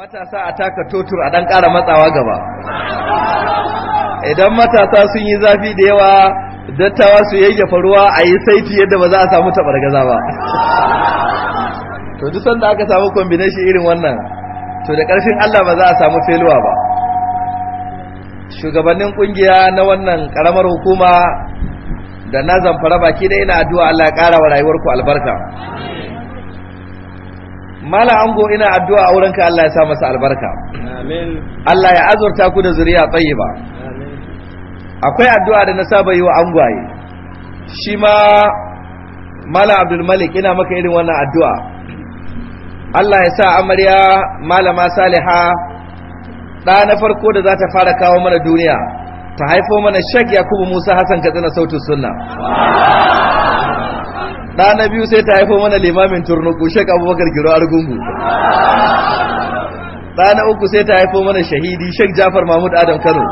matasa a taka totur a dan ƙara matsawa gaba idan matasa sun yi zafi da yawa dattawa su yayyafa ruwa a yi saiti yadda ba za a samu tabargaza ba to duk sanda aka samu combination irin wannan to da ƙarfin Allah ba za a samu feluwa ba shugabannin kungiya na wannan karamar hukuma da na zamfara baki da ina addu'a Allah ya ƙara wa rayuwarku albarka mala ango ina addu'a a ka Allah ya sa masa albarka amin Allah ya azurta ku da zuriya tayyiba amin akwai addu'a da na saba yi wa angwaye shi ma mala abdul malik ina maka irin wannan addu'a Allah ya sa amarya malama saliha da na farko da za ta fara kawo mana duniya ta haifo mana shek yakubu musa hassan katsina sautin sunna ɗa na biyu sai ta haifo mana limamin turnuku shek abubakar giro argungu ɗa na uku sai ta haifo mana shahidi shek jafar mahmud adam kano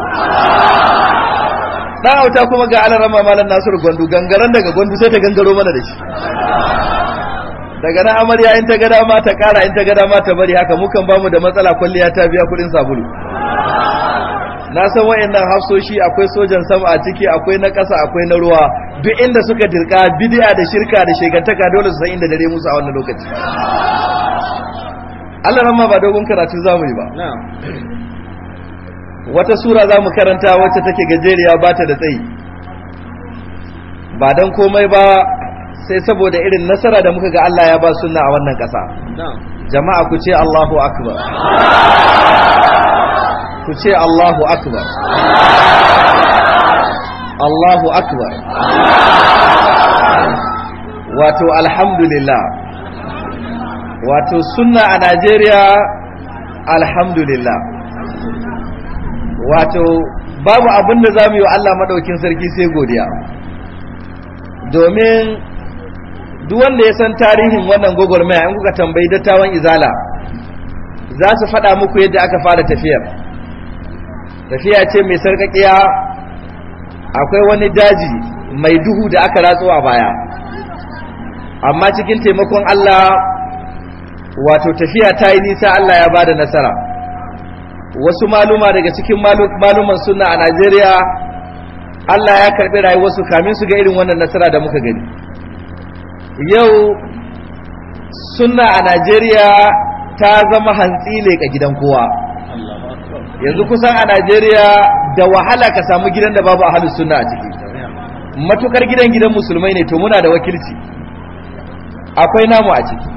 Na hauta kuma ga rama malam nasiru gwandu gangaren daga gwandu sai ta gangaro mana da shi daga na amarya in ta ga dama ta kara in ta ga dama ta bari haka mukan bamu da matsala kwalliya ta biya kuɗin sabulu na san nan hafsoshi akwai sojan sama a ciki akwai na ƙasa akwai na ruwa duk inda suka dirka bidiya da shirka da shegantaka dole su san inda dare musu a wannan lokaci Allah ramma ba dogon karatu za mu yi ba wata sura za mu karanta wacce take gajeriya ba ta da tsayi ba dan komai ba sai saboda irin nasara da muka ga Allah ya ba sunna a wannan ƙasa jama'a ku ce Allahu akbar ku ce Allahu akbar Allahu akbar wato alhamdulillah wato sunna a Najeriya alhamdulillah wato babu abin da za mu yi wa Allah maɗaukin sarki sai godiya domin duk wanda ya san tarihin wannan gwagwarmaya in kuka tambayi dattawan izala za su faɗa muku yadda aka fara tafiyar tafiya ce mai sarkakiya akwai wani daji mai duhu da aka ratsu a baya amma cikin taimakon Allah wato tafiya ta yi nisa Allah ya ba da nasara wasu maluma daga cikin maluman suna a Najeriya Allah ya karɓi rayuwarsu kamin su ga irin wannan nasara da muka gani yau suna a Najeriya ta zama hantsi leƙa gidan kowa yanzu kusan a Najeriya da wahala ka samu gidan da babu ahalus suna a ciki matukar gidan gidan musulmai ne to muna da wakilci akwai namu a ciki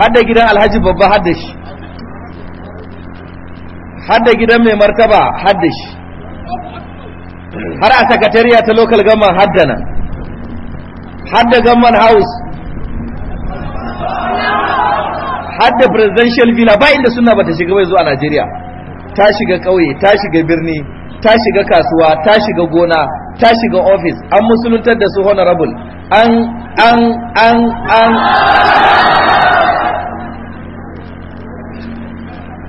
hadda gidan alhaji babba hadda shi hadda gidan mai martaba hadda shi har a sakatariya ta local government haddana. nan hadda government house har da presidential villa ba inda sunna bata shiga bai zuwa Najeriya ta shiga ƙauye ta shiga birni ta shiga kasuwa ta shiga gona ta shiga office an musuluntar da su honorable an an an an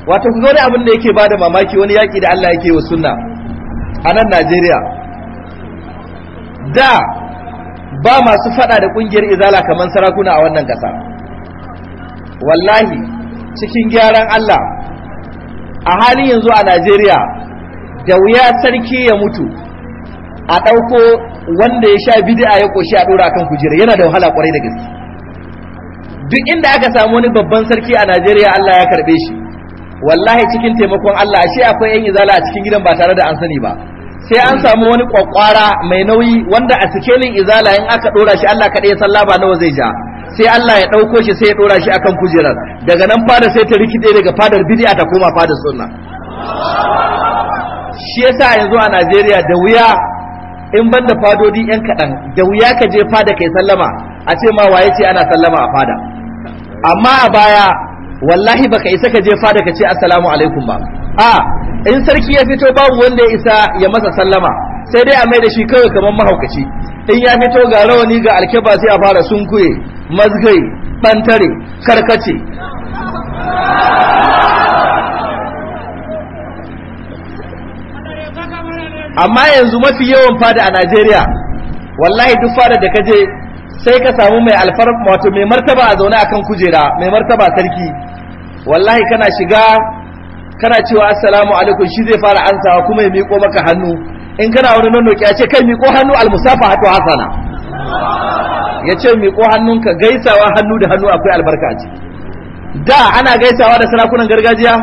wato ku wani abin da yake bada mamaki wani yaƙi da Allah yake wa sunna a nan Najeriya da ba masu fada da kungiyar izala kamar sarakuna a wannan ƙasa wallahi cikin gyaran Allah a halin yanzu a Najeriya da wuya sarki ya mutu a ɗauko wanda ya sha bid'a ya ƙoshi a ɗora kan kujera yana da wahala ƙwarai da gaske duk inda aka samu wani babban sarki a Najeriya Allah ya karɓe shi wallahi cikin taimakon Allah ashe akwai yan izala a cikin gidan ba tare da an sani ba sai an samu wani kwakwara mai nauyi wanda a sikelin izala in aka ɗora shi Allah kaɗai ya sallaba nawa zai ja sai Allah ya ɗauko shi sai ya ɗora shi akan kujerar daga nan fada sai ta rikide daga fadar bid'a ta koma fadar sunna shi yasa yanzu a Najeriya da wuya in ban da fadodi yan kaɗan da wuya ka je fada kai sallama a ce ma waye ce ana sallama a fada amma a baya wallahi baka isa ka je fada ka ce assalamu alaikum ba a in sarki ya fito babu wanda ya isa ya masa sallama sai dai a mai da shi kawai kamar mahaukaci in ya fito ga rawani ga alkeba sai a fara sunkuye mazgai bantare karkace amma yanzu mafi yawan fada a Najeriya wallahi duk fada da kaje sai ka samu mai alfar wato mai martaba a zaune akan kujera mai martaba sarki wallahi kana shiga kana cewa assalamu alaikum shi zai fara ansawa kuma ya miƙo maka hannu in kana wani nan a ce kai miƙo hannu almusafa hatu hasana ya ce miƙo hannunka gaisawa hannu da hannu akwai albarka a ciki da ana gaisawa da sarakunan gargajiya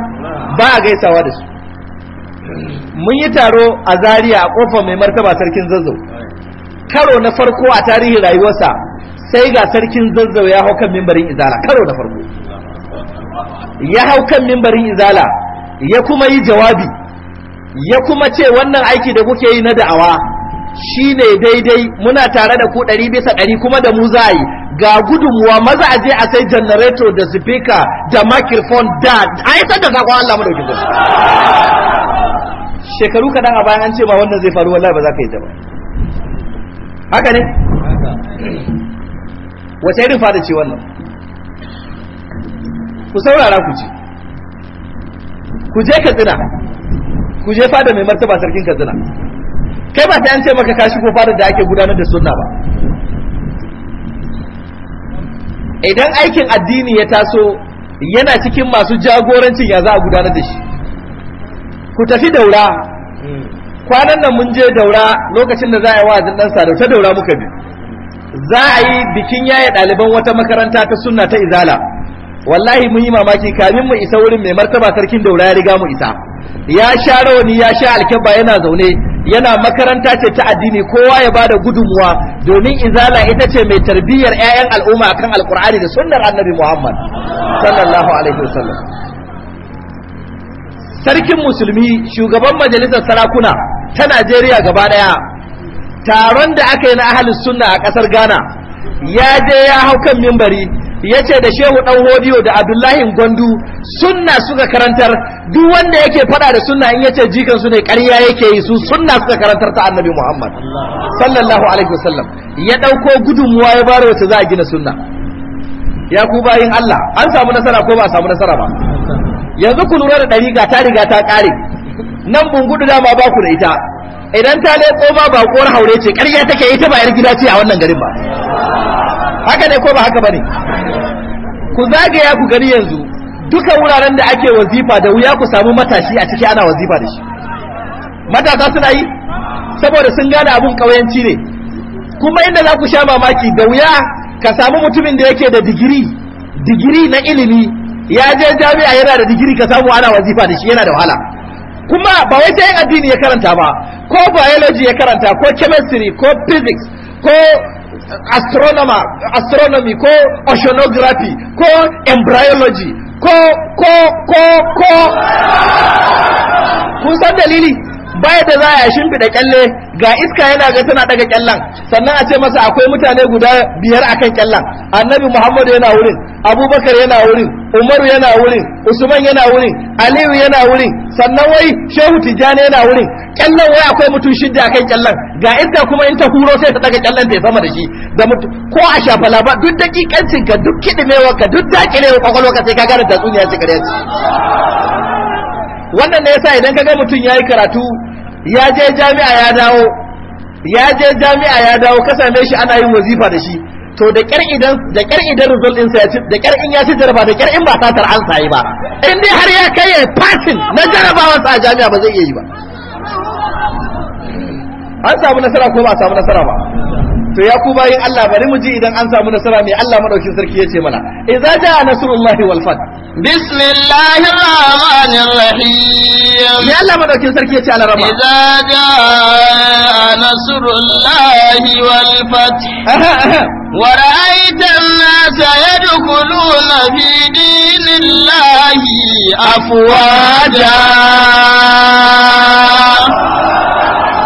ba a gaisawa da su mun yi taro a Zariya a kofar mai martaba sarkin zazzau karo na farko a tarihin rayuwarsa sai ga sarkin zazzau ya hau kan mimbarin izala karo na farko ya hau kan mimbarin izala ya kuma yi jawabi ya kuma ce wannan aiki da kuke yi na da'awa shi ne daidai muna tare da ku ɗari bisa ɗari kuma da mu za yi ga gudunmuwa maza a je a sai janareto da speaker da microphone da a yi sanda sakon Allah mu dauki shekaru kaɗan a bayan an ce ba wannan zai faru wallahi ba za ka yi ta ba haka ne wace irin fada ce wannan ku saurara ku ce ku je katsina ku je fada mai martaba sarkin katsina kai ba sai an ce maka ka shigo fara da ake gudanar da sunna ba idan aikin addini ya taso yana cikin masu jagorancin ya za a gudanar da shi ku tafi daura kwanan nan mun je daura lokacin da za a yi wa'azin dan sadau ta daura muka bi za a yi bikin yaye ɗaliban wata makaranta ta sunna ta izala wallahi mun yi mamaki kamin mu isa wurin mai martaba sarkin daura ya riga mu isa ya sha rawani ya sha alkyabba yana zaune yana makaranta ce ta addini kowa ya bada gudunmuwa domin izala ita ce mai tarbiyyar 'ya'yan al'umma akan alkur'ani da sunnar annabi muhammad sallallahu alaihi wasallam sarkin musulmi shugaban majalisar sarakuna ta najeriya gaba ɗaya, taron da aka yi na ahalin sunna a ƙasar ghana ya je ya hau kan mimbari Yace da shehu ɗan hodiyo da abdullahi gwandu sunna suka karantar duk wanda yake faɗa da sunna in yace ce jikan su ne ƙarya yake yi su sunna suka karantar ta annabi muhammad sallallahu alaihi wasallam ya ɗauko gudunmuwa ya bara wacce za a gina sunna ya ku bayin allah an samu nasara ko ba a samu nasara ba yanzu ku lura da ga ta riga ta ƙare nan bungudu dama ba ku da ita idan ta leƙo ma ba haure ce ƙarya take ita ba yar gida ce a wannan garin ba haka ne ko ba haka bane ku zagaya ku gani yanzu duka wuraren da ake wazifa da wuya ku samu matashi a ciki ana wazifa da shi matasa suna yi saboda sun gane abun kauyanci ne kuma inda za ku sha mamaki da wuya ka samu mutumin da yake da digiri digiri na ilimi ya je jami'a yana da digiri ka samu ana wazifa da shi yana da wahala kuma ba wai sai addini ya karanta ba ko biology ya karanta ko chemistry ko physics ko astronomy ko oceanography ko embryology ko ko ko ko kun san dalili baya da za a shimfiɗa kyalle ga iska yana ga tana daga kyallan sannan a ce masa akwai mutane guda biyar akan kyallan annabi muhammad yana wurin abubakar yana wurin umaru yana wurin usman yana wurin aliyu yana wurin sannan wai shehu tijjani yana wurin kyallan wai akwai mutum shidda akan kyallan ga iska kuma in ta huro sai ta daga kyallan ta sama da shi da ko a shafa laba, duk dakikancin ka duk kidimewa ka duk dakilewa kwakwalwa ka sai ka gane tatsuniya ce kare wannan ne yasa idan kaga mutum yayi karatu ya je jami'a ya dawo ya je jami'a ya dawo ka same shi ana yin wazifa da shi to da kyar idan da kyar idan result din sai da kyar in ya ci jaraba da kyar in ba satar an sai ba in dai har ya kai fasin na jarabawa sa jami'a ba zai iya yi ba an samu nasara ko ba samu nasara ba to ya ku bayin Allah bari mu ji idan an samu nasara mai Allah madaukin sarki yace mana idza jaa nasrullahi wal fath bismillahir rahmanir rahim ya Allah madaukin sarki yace ala rama idza jaa nasrullahi wal fath ورأيت الناس يدخلون في دين الله أفواجا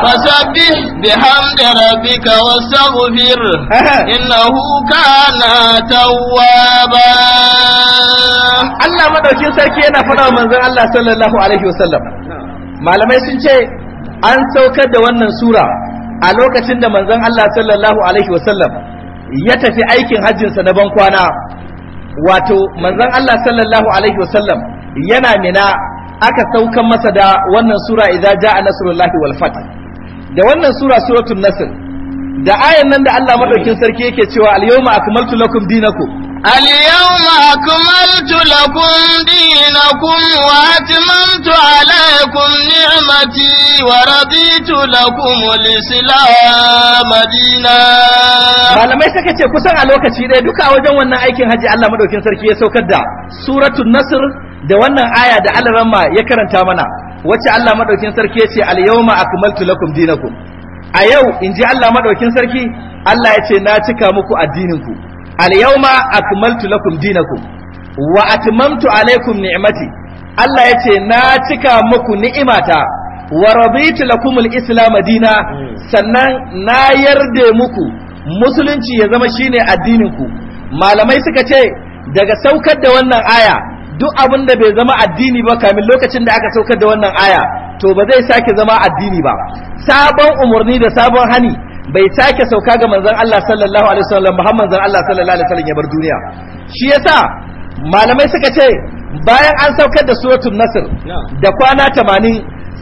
فسبح بحمد ربك واستغفر إنه كان توابا Allah madaukin sarki yana faɗa manzon Allah sallallahu alaihi wasallam malamai sun ce an saukar da wannan sura a lokacin da manzon Allah sallallahu alaihi wasallam ya tafi aikin hajjinsa na ban kwana wato manzon Allah sallallahu alaihi wasallam yana mina aka saukar masa da wannan sura idza jaa nasrullahi wal fath da wannan sura suratul nasr da ayan nan da Allah madaukin sarki yake cewa al yawma akmaltu lakum dinakum اليوم أكملت لكم دينكم وأتممت عليكم نعمتي ورضيت لكم الإسلام دينا malamai suka ce kusan a lokaci ɗaya duka wajen wannan aikin hajji Allah madaukin sarki ya saukar da suratul Nasir da wannan aya da alarama ya karanta mana wacce Allah madaukin sarki ya ce al yawma akmaltu lakum dinakum a yau in ji Allah madaukin sarki Allah ya ce na cika muku addinin ku al-yawma akmaltu lakum dinakum wa atmamtu alaykum ni'mati Allah ya ce na cika muku ni'imata wa raditu lakum islam dina sannan na yarde muku musulunci ya zama shine addinin ku malamai suka ce daga saukar da wannan aya duk abin da bai zama addini ba kamin lokacin da aka saukar da wannan aya to ba zai sake zama addini ba sabon umarni da sabon hani bai sake sauka ga manzon Allah sallallahu alaihi wasallam ba manzon Allah sallallahu alaihi wasallam ya bar duniya shi yasa malamai suka ce bayan an saukar da suratul nasr da kwana 80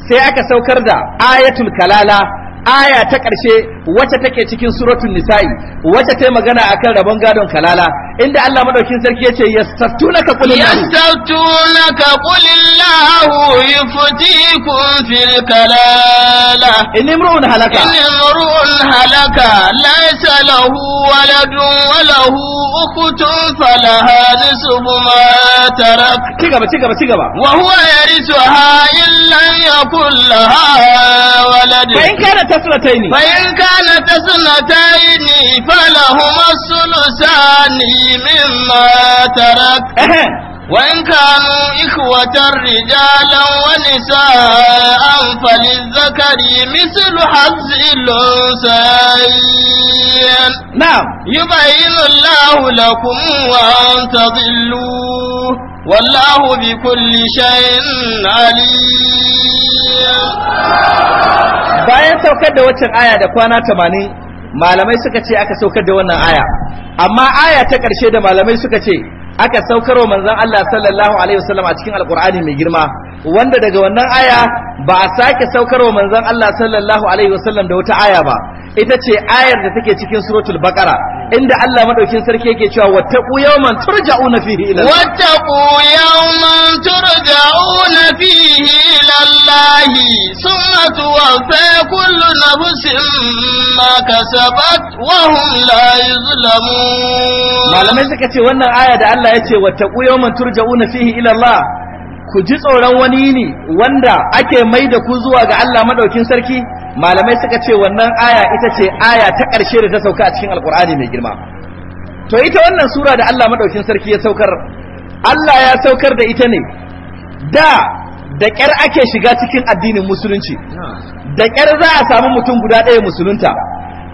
sai aka saukar da ayatul kalala aya ta ƙarshe wacce take cikin suratul nisa'i wacce ta magana akan rabon gadon kalala inda Allah madaukin sarki yace yastaftunaka qul yastaftunaka qul Allahu yuftikum fil kalala in imru'un halaka in imru'un halaka laysa lahu waladun wa lahu ukhtun falaha nisfu ma tarak cigaba cigaba cigaba wa huwa yarithuha illa yakul laha ne. Bayan kana ta suna ta yi ne. Bayan kana ta suna ta yi ne fala huma sulusa min ma tarak. Wa'in kanu ikwatar rijalan wani sa'an falin zakari mislu hazilun sayyan. Na. Yi bayinu lahu lakum wa والله بكل شيء عليم bayan saukar da waccan aya da kwana tamanin malamai suka ce aka saukar da wannan aya amma aya ta ƙarshe da malamai suka ce aka saukar wa manzon Allah sallallahu alaihi wasallam a cikin alqur'ani mai girma wanda daga wannan aya ba a sake saukar wa manzon Allah sallallahu alaihi wasallam da wata aya ba ita ce ayar da take cikin suratul baqara inda Allah madaukin sarki yake cewa wattaqu yawman turja'una fihi ila Allah wattaqu yawman turja'una fihi ila Allah thumma tuwaffa kullu nafsin ma kasabat wa hum la yuzlamun malamai suka ce wannan aya da Allah yace wattaqu yawman turja'una fihi ila Allah ku ji tsoron wani ne wanda ake mai da ku zuwa ga Allah madaukin sarki malamai suka ce wannan aya ita ce aya ta ƙarshe da ta sauka a cikin alkur'ani mai girma to ita wannan sura da Allah madaukin sarki ya saukar Allah ya saukar da ita ne da da ƙyar ake shiga cikin addinin musulunci da ƙyar za a samu mutum guda ɗaya musulunta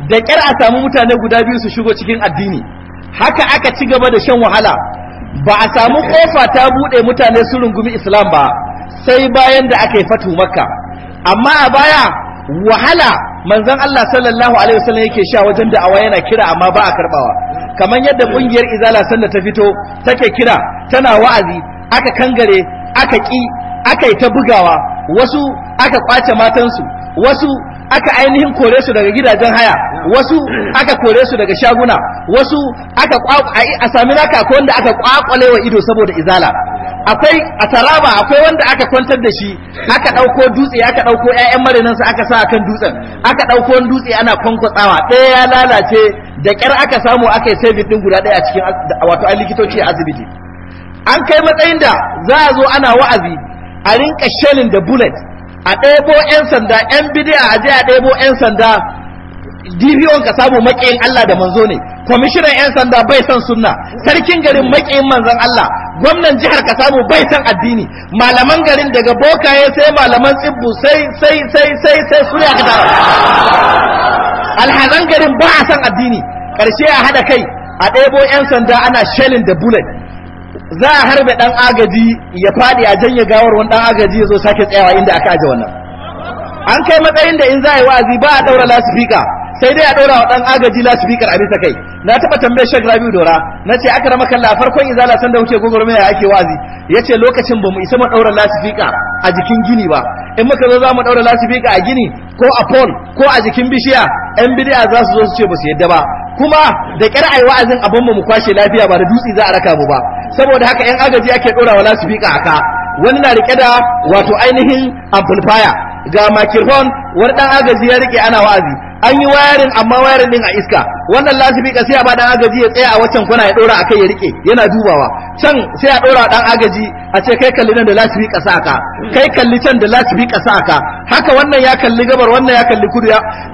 da ƙyar a samu mutane guda biyu su shigo cikin addini haka aka ci gaba da shan wahala ba a samu kofa ta buɗe mutane su rungumi islam ba sai bayan da aka yi fatu makka amma a baya wahala manzon Allah sallallahu alaihi wasallam yake sha wajen da'awa yana kira amma ba a karbawa kamar yadda kungiyar izala sallah ta fito take kira tana wa'azi aka kangare aka ki aka yi ta bugawa wasu aka kwace matansu wasu aka ainihin kore su daga gidajen haya wasu aka kore su daga shaguna wasu aka a sami naka akwai wanda aka kwakwale wa ido saboda izala akwai a taraba akwai wanda aka kwantar da shi aka ɗauko dutse aka ɗauko 'ya'yan marinansa aka sa akan dutsen aka ɗauko dutse ana kwankwatsawa ɗaya ya lalace da ƙyar aka samu aka yi sai ɗin guda ɗaya a cikin wato an likitoci a asibiti an kai matsayin da za a zo ana wa'azi a rinka shelin da bullet a ɗebo 'yan sanda 'yan bidiya a je a ɗebo 'yan sanda dibiyon ka samu maƙiyin Allah da manzo ne kwamishinan 'yan sanda bai san sunna sarkin garin maƙiyin manzon Allah gwamnan jihar ka samu bai san addini malaman garin daga bokaye sai malaman tsibbu sai sai sai sai sai su ne alhazan garin ba a san addini ƙarshe a haɗa kai a ɗebo 'yan sanda ana shelin da bullet za a harbe dan agaji ya fadi a janye gawar wani dan agaji ya zo sake tsayawa inda aka aje wannan an kai matsayin da in za a yi wa'azi ba a daura lasifika sai dai a daura wa dan agaji lasifikar a bisa kai na taba tambaye shek Rabiu Dora ce aka rama kalla farkon izala san da kuke gogormaya ake wa'azi yace lokacin ba mu isa mu daura lasifika a jikin gini ba in muka zo za mu ɗaura lasifika a gini ko a pole ko a jikin bishiya yan bidiya za su zo su ce ba su yadda ba kuma da ƙyar ai wa'azin abin mu kwashe lafiya ba da dutse za a raka mu ba saboda haka yan agaji ake ɗora wa lasifika haka wani na rike da wato ainihin amplifier ga microphone wani ɗan agaji ya rike ana wa'azi an yi wayarin amma wayarin din a iska wannan ka sai a ba dan agaji ya tsaya a waccan kwana ya dora akai ya rike yana dubawa can sai a dora dan agaji a ce kai kalli nan da lasifika sa ka kai kalli can da lasifika sa ka haka wannan ya kalli gabar wannan ya kalli kudu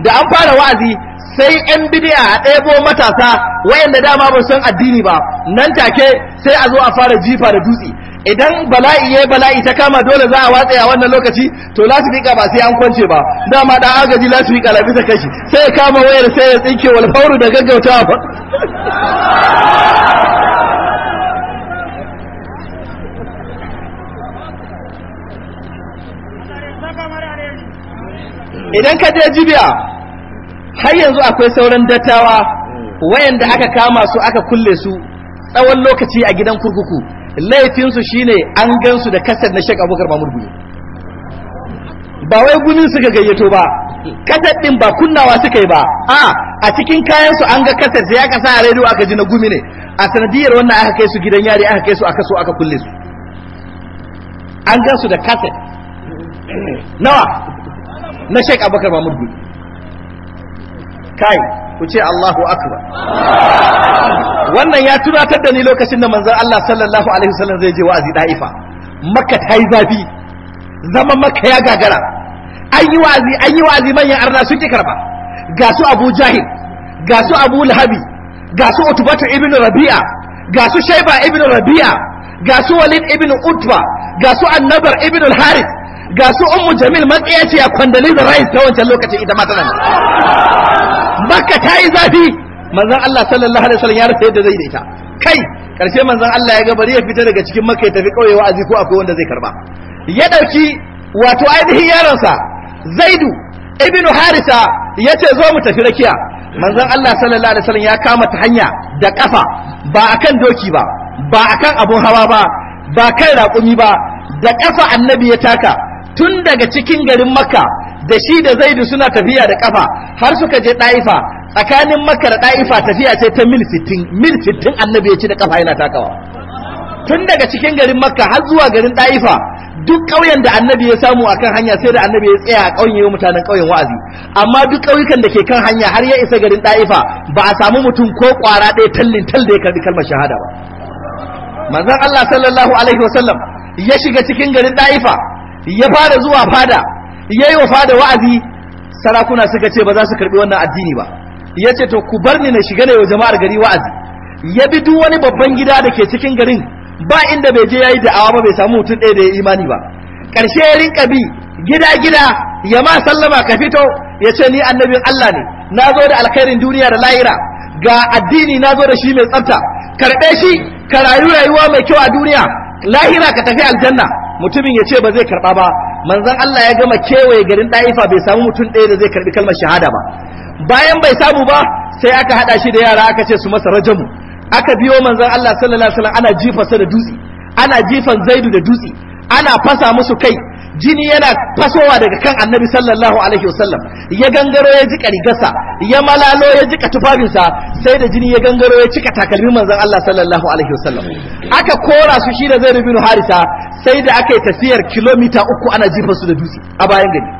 da an fara wa'azi sai yan bidiya a ɗebo matasa wayanda dama ba san addini ba nan take sai a zo a fara jifa da dutse idan bala'i ya bala'i ta kama dole za a watsa a wannan lokaci to lasifika ba sai an kwance ba dama da agaji lasifika la bisa kashi sai ya kama wayar sai ya tsinke wal fauru da gaggautawa fa idan ka je jibiya har yanzu akwai sauran dattawa wayanda aka kama su aka kulle su tsawon lokaci a gidan kurkuku laifinsu shine an gansu da kasar na shek abubakar mamur gumi ba wai gunin suka gayyato ba kasar din ba kunnawa suka yi ba a a cikin kayansu an ga kasar sai aka sa a rediyo aka ji na gumi ne a sanadiyar wannan aka kai su gidan yari aka kai su aka so aka kulle su an gansu da kasar nawa na shek abubakar mamur gumi kai ku ce Allahu akbar wannan ya tunatar da ni lokacin da manzon Allah sallallahu alaihi wasallam zai je wa'azi da'ifa makka ta yi zafi zama makka ya gagara an yi wa'azi an yi wa'azi manyan arna sun ki karba ga su Abu Jahil ga su Abu Lahabi ga su Utbatu ibn Rabi'a ga su Shaiba ibn Rabi'a ga su Walid ibn Utba ga su Annabar ibn al-Harith ga su ummu jamil matsaya ce a da rice na wancan lokacin ita mata nan. makka ta yi zafi manzan Allah sallallahu alaihi wasallam ya rasa yadda zai da ita kai karshe manzon Allah ya ga bari ya fita daga cikin makka ya tafi kauye wa'azi ko akwai wanda zai karba ya dauki wato ainihin yaronsa zaidu ibnu harisa yace zo mu tafi rakiya manzon Allah sallallahu alaihi wasallam ya kama ta hanya da kafa ba akan doki ba ba akan abun hawa ba ba kan raƙumi ba da kafa annabi ya taka tun daga cikin garin makka da shi da zaidu suna tafiya da kafa har suka je ɗa'ifa tsakanin makka da ɗa'ifa tafiya ce ta mil sittin mil sittin annabi ya ci da kafa yana takawa tun daga cikin garin makka har zuwa garin ɗa'ifa duk ƙauyen da annabi ya samu akan hanya sai da annabi ya tsaya a ƙauyen yau mutanen ƙauyen wa'azi amma duk ƙauyukan da ke kan hanya har ya isa garin ɗa'ifa ba a samu mutum ko ƙwara ɗaya tallin tal da ya karɓi kalmar shahada ba manzon Allah sallallahu alaihi wasallam ya shiga cikin garin ɗa'ifa ya fara zuwa fada ya yi wa fada wa'azi sarakuna suka ce ba za su karbi wannan addini ba ya ce to ku bar ni na shiga ne wa jama'ar gari wa'azi ya bi duk wani babban gida da ke cikin garin ba inda bai je yayi da'awa ba bai samu mutum ɗaya da ya imani ba karshe ya rinka bi gida gida ya ma sallama ka fito ya ce ni annabin Allah ne na zo da alkhairin duniya da lahira ga addini na zo da shi mai tsafta karɓe shi ka rayu rayuwa mai kyau a duniya lahira ka tafi aljanna mutumin ya ce ba zai karɓa ba manzon Allah ya gama kewaye garin ɗa'ifa bai samu mutum ɗaya da zai karɓi kalmar shahada ba bayan bai samu ba sai aka haɗa shi da yara aka ce su masa rajamu aka biyo manzon Allah sallallahu alaihi wasallam ana sa da dutse ana jifan Zaidu da dutse ana fasa musu kai jini yana fasowa daga kan annabi sallallahu alaihi wasallam ya gangaro ya ji karigasa ya malalo ya ji tufafinsa sai da jini ya gangaro ya cika takalmin manzon Allah sallallahu alaihi wasallam aka kora su shi da zai rubinu harisa sai da aka yi tafiyar kilomita uku ana jifa su da dutse a bayan gari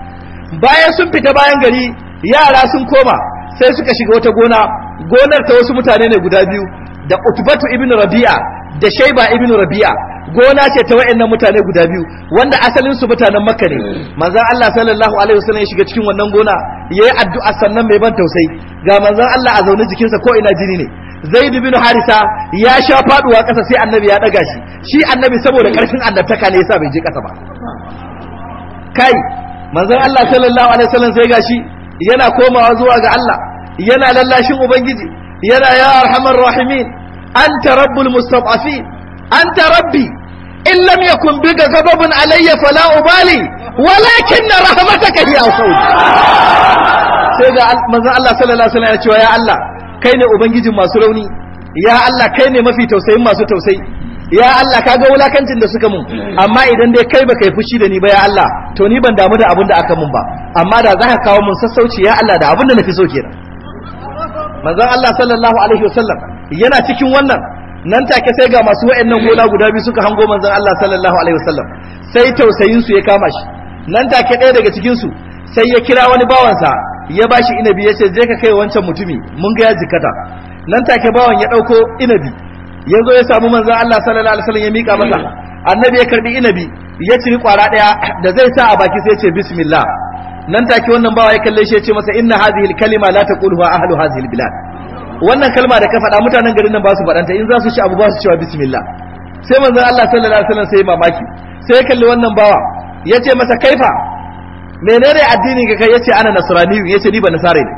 bayan sun fita bayan gari yara sun koma sai suka shiga wata gona gonar ta wasu mutane ne guda biyu da utbatu ibn rabi'a da shaiba ibn rabi'a gona ce ta wa'annan mutane guda biyu wanda asalin su mutanen makka ne manzon Allah sallallahu alaihi wasallam ya shiga cikin wannan gona yayi addu'a sannan mai ban tausayi ga manzon Allah a zaune jikin sa ko ina jini ne zaid bin harisa ya sha faduwa kasa sai annabi ya daga shi shi annabi saboda karfin annabtaka ne yasa bai je kasa ba kai manzon Allah sallallahu alaihi wasallam sai gashi yana komawa zuwa ga Allah yana lallashin ubangiji yana ya arhamar rahimin anta rabbul mustafafin أنت ربي إن لم يكن بك غضب علي فلا أبالي ولكن رحمتك هي أصول سيدنا manzon Allah sallallahu alaihi wasallam ya cewa ya Allah kai ne ubangijin masu rauni ya Allah kai ne mafi tausayin masu tausayi ya Allah ka ga wulakancin da suka mun amma idan dai kai baka yi fushi da ni ba ya Allah to ni ban damu da abin da aka mun ba amma da za ka kawo mun sassauci ya Allah da abin da nafi so kenan manzon Allah sallallahu alaihi wasallam yana cikin wannan nan take sai ga masu wa'annan gona guda biyu suka hango manzon Allah sallallahu alaihi wasallam sai tausayin su ya kama shi nan take ɗaya daga cikin su sai ya kira wani bawansa ya bashi inabi ya ce je ka kai wancan mutumi mun ga ya jikata nan take bawan ya ɗauko inabi ya zo ya samu manzon Allah sallallahu alaihi wasallam ya mika masa annabi ya karbi inabi ya ciri kwara ɗaya da zai sa a baki sai ya ce bismillah nan take wannan bawa ya kalle shi ya ce masa inna hadhihi kalima la taquluha ahlu hadhihi bilad wannan kalma da ka faɗa mutanen garin nan ba su faɗanta in za su ci abu ba su cewa bismillah sai manzo Allah sallallahu alaihi wasallam sai mamaki sai ya kalli wannan bawa yace masa kaifa menene addini ka kai yace ana nasrani yace ni ba nasare ne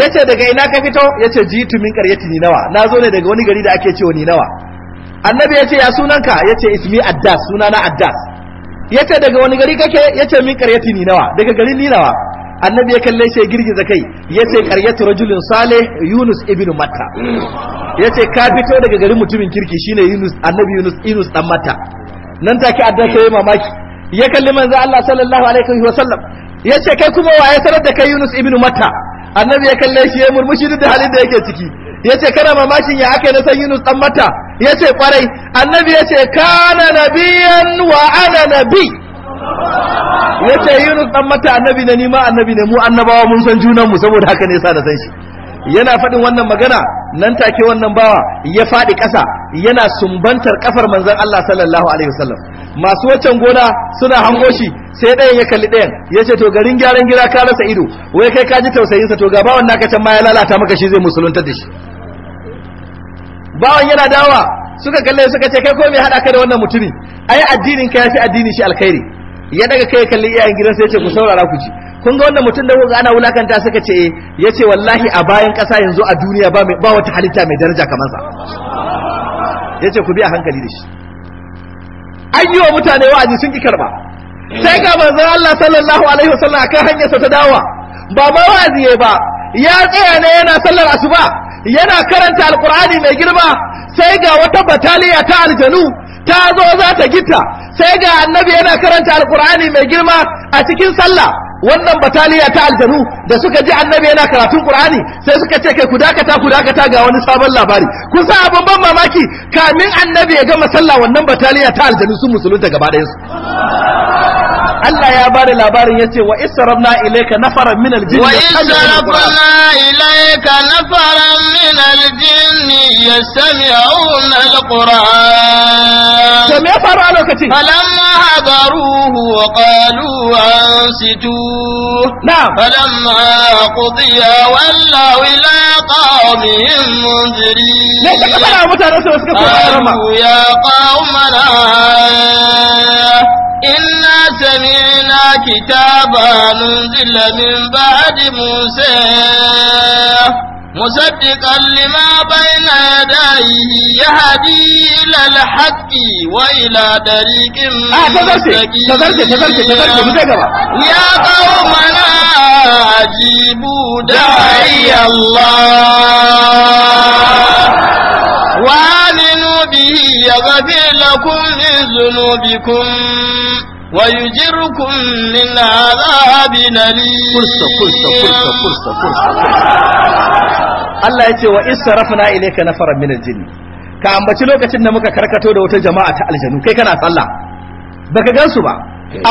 yace daga ina ka fito yace jitu min qaryati ni nawa nazo ne daga wani gari da ake cewa ni nawa annabi yace ya sunanka yace ismi addas sunana addas yace daga wani gari kake yace min qaryati ni nawa daga garin ni nawa annabi ya kalle shi girgiza kai ya ce karyatu rajulin salih yunus ibnu matta ya ce ka fito daga garin mutumin kirki shine yunus annabi yunus yunus dan matta nan take adda sai ya mamaki ya kalli manzo Allah sallallahu alaihi wa sallam ya ce kai kuma ya sanar da kai yunus ibnu matta annabi ya kalle shi ya murmushi da halin da yake ciki ya ce kana mamakin ya aka na san yunus dan matta ya ce kwarai annabi ya ce kana nabiyan wa ana nabi yace Yunus dan mata annabi ne ni ma annabi ne mu annabawa mun san junan mu saboda haka ne yasa da san shi yana faɗin wannan magana nan take wannan bawa ya faɗi kasa yana sumbantar kafar manzon Allah sallallahu alaihi wasallam masu waccan gona suna hango shi sai ɗayan ya kalli ɗayan ya ce to garin gyaran gida ka rasa ido wai kai ka ji sa to ga bawan naka can ma ya lalata maka shi zai musulunta da shi bawan yana dawa suka kalle suka ce kai ko me haɗa ka da wannan mutumi ai addinin ka ya fi addini shi alkhairi ya daga kai kalli iyayen gidansa yace ku saurara ku ji kun ga wannan mutum da kuka ana wulakanta suka ce eh, yace wallahi a bayan ƙasa yanzu a duniya ba wata halitta mai daraja kamar sa yace ku bi hankali da shi wa mutane wa'azi sun ki karba sai ga manzon Allah sallallahu alaihi wasallam akan hanyarsa ta dawa ba ba wa'azi ba ya tsaya ne yana sallar asuba yana karanta alqur'ani mai girma sai ga wata bataliya ta aljanu ta zo za ta gita sai ga annabi yana karanta alkur'ani mai girma a cikin sallah wannan bataliya ta aljanu da suka ji annabi yana karatun qur'ani sai suka ce kai ku dakata ku dakata ga wani sabon labari kun sa abin ban mamaki kamin annabi ya gama sallah wannan bataliya ta aljanu sun musulunta gaba ɗayan su Allah ya bada labarin yace wa israbna ilayka nafaran min aljinn wa israbna ilayka nafaran min aljinn yastami'una alquran to me faru a lokacin falamma hadaruhu wa qalu ansitu na'am falamma qudiya wallahu ila qawmihim munzirin ne suka fara mutane su suka fara ya qawmana إنا سمعنا كتابا ننزل من بعد موسى مصدقا لما بين يديه يهدي إلى الحق وإلى طريق آه، مستقيم يا قومنا أجيبوا داعي الله به يغفر لكم من ذنوبكم ويجركم من عذاب أليم فرصة فرصة فرصة فرصة فرصة الله يتي وإسرفنا إليك نفرا من الجن ka ambaci lokacin da muka karkato da wata jama'a ta aljanu kai kana sallah baka gansu ba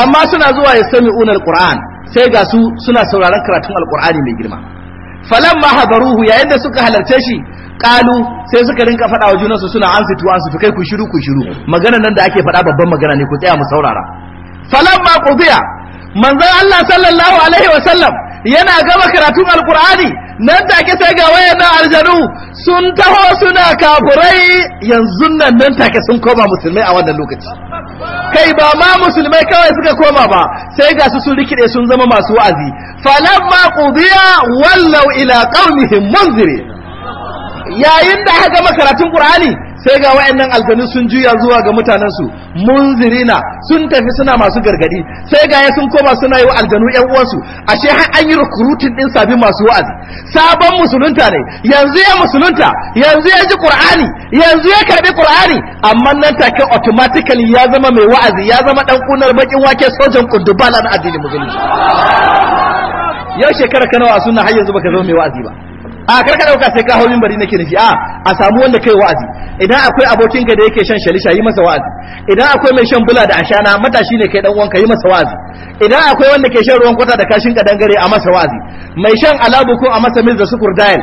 amma suna zuwa ya sami unar qur'an sai ga su suna sauraron karatun alqur'ani mai girma falan ma habaruhu yayin da suka halarce shi kalu sai suka rinka faɗa wa junansu suna an fitu an fitu kai ku shiru ku shiru magana nan da ake faɗa babban magana ne ku tsaya mu saurara falan ma qudiya manzon Allah sallallahu alaihi wa sallam yana gama karatun alkur'ani nan take sai ga wayannan aljanu sun taho suna kafurai yanzu nan nan take sun koma musulmai a wannan lokaci kai ba ma musulmai kawai suka koma ba sai ga su sun rikide sun zama masu wa'azi falamma qudiya wallau ila qaumihim munzirin yayin da aka makaratun karatun qur'ani sai ga wayannan aljanu sun juya zuwa ga mutanen su munzirina sun tafi suna masu gargadi sai ga sun koma suna yi wa aljanu yan uwansu ashe har an yi recruiting din sabin masu wa'azi sabon musulunta ne yanzu ya musulunta yanzu ya ji qur'ani yanzu ya karbi qur'ani amma nan take automatically ya zama mai wa'azi ya zama ɗan ƙunar baƙin wake sojan ƙudubala na addinin musulunci yau shekara kanawa suna har yanzu baka zama mai wa'azi ba a karka dauka sai ka hauyin bari nake nufi a a samu wanda kai wa'azi idan akwai abokin ka da yake shan shalisha yi masa wa'azi idan akwai mai shan bula da ashana matashi ne kai dan uwanka yi masa wa'azi idan akwai wanda ke shan ruwan kwata da kashin ka dangare a masa wa'azi mai shan alabu ko a masa mil da sukur dial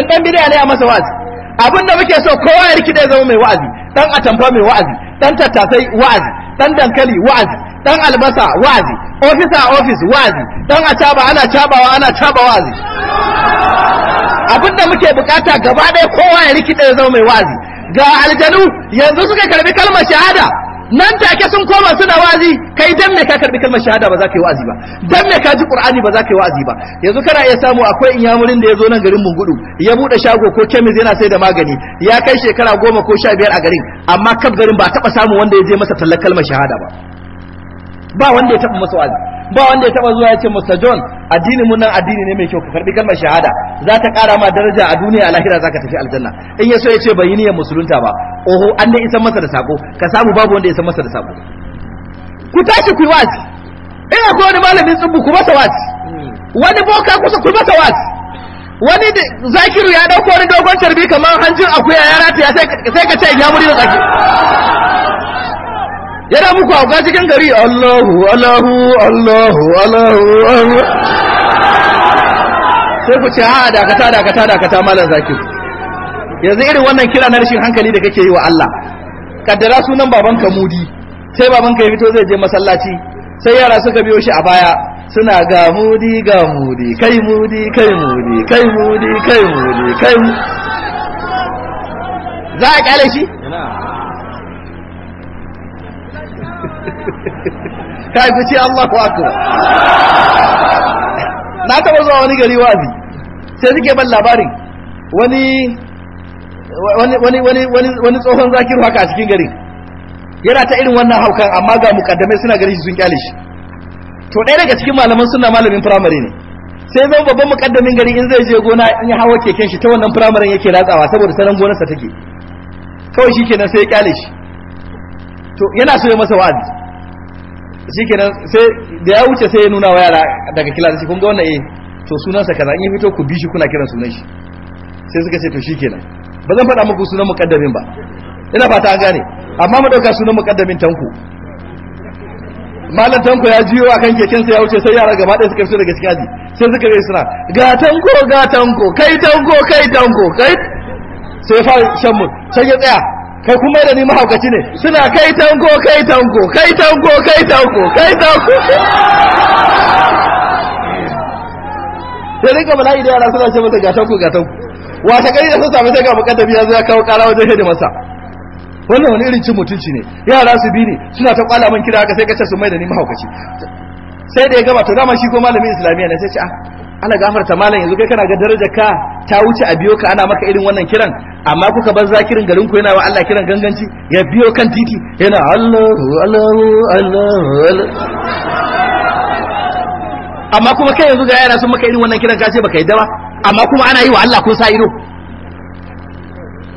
in dan bid'a ne a masa wa'azi abinda muke so kowa ya rikide zama mai wa'azi dan atamfa mai wa'azi dan tattasai wa'azi dan dankali wa'azi dan albasa wazi ofisa ofis wazi dan acaba ana cabawa ana caba wazi abinda muke bukata gaba ɗaya kowa ya rikide ya zama mai wazi ga aljanu yanzu suka karbi kalmar shahada nan take sun koma suna wazi kai dan me ka karbi kalmar shahada ba za ka yi wazi ba dan me ka ji qur'ani ba za ka yi wazi ba yanzu kana iya samu akwai inyamurin da ya zo nan garin mu gudu ya bude shago ko kemis yana sai da magani ya kai shekara goma ko sha biyar a garin amma kaf garin ba taba samu wanda ya je masa tallar kalmar shahada ba ba wanda ya taba masa wazi ba wanda ya taba zuwa ya ce Mr. John addini mun nan addini ne mai kyau ka karbi kalmar shahada za ta kara ma daraja a duniya a lahira zaka tafi aljanna in ya so ya ce bai yi niyyar musulunta ba oho an dai isan masa da sako ka samu babu wanda ya san masa da sako ku tashi ku yi wazi in akwai wani malamin tsubu ku masa wazi wani boka kusa ku masa wazi wani zakiru ya dauko wani dogon tarbi kamar hanjin akuya ya rata ya sai ka ce ya muri da zakiru yana muku auka cikin gari Allahu Allahu Allahu Allahu sai ku ce ha dakata dakata dakata malam zaki yanzu irin wannan kira na rashin hankali da kake yi wa Allah kaddara sunan babanka mudi sai babanka ya fito zai je masallaci sai yara suka biyo shi a baya suna ga mudi ga mudi kai mudi kai mudi kai mudi kai mudi kai za a kyale shi kai ku ce ku akbar na taɓa zuwa wani gari wazi sai suke ban labarin wani wani wani wani wani tsohon zakiru haka a cikin gari yana ta irin wannan haukan amma ga mukaddamai suna gari sun kyale shi to ɗaya daga cikin malaman suna malamin firamare ne sai zan babban mukaddamin gari in zai je gona in ya hawa keken shi ta wannan firamaren yake ratsawa saboda sanan gonarsa take kawai shi kenan sai ya kyale shi to yana so ya masa wa'azi shikenan sai da ya wuce sai ya nuna wa yara daga kila shi kun ga wannan eh to sunansa kaza in ya fito ku bi shi kuna kiran sunan shi sai suka ce to shikenan ba zan faɗa muku sunan muƙaddamin ba ina fata an gane amma mu ɗauka sunan muƙaddamin tanko malam tanko ya jiyo akan keken sa ya wuce sai yara gaba ɗaya suka fito daga cikin aji sai suka yi suna ga tanko ga tanko kai tanko kai tanko kai sai fa shan mun sai ya tsaya kai kuma da ni mahaukaci ne suna kai tanko kai tanko kai tanko kai tanko kai tanko sai rinka bala'i da yara suna ce mata ga tanko ga tanko wata kai da sun sami sai ga mukaddami ya zo ya kawo kara wajen hidi masa wannan wani irin cin mutunci ne yara su bi ne suna ta kwala man kira haka sai kace su mai da ni mahaukaci sai da ya gama to dama shi ko malamin islamiyya ne sai ce ah ana gafarta malam yanzu kai kana ga darajar ka ta wuce a biyo ka ana maka irin wannan kiran amma kuka bar zakirin garin ku yana wa Allah kiran ganganci ya biyo kan titi yana Allah Allah Allah amma kuma kai yanzu ga yana sun maka irin wannan kiran kace baka yi dawa amma kuma ana yi wa Allah kun sa ido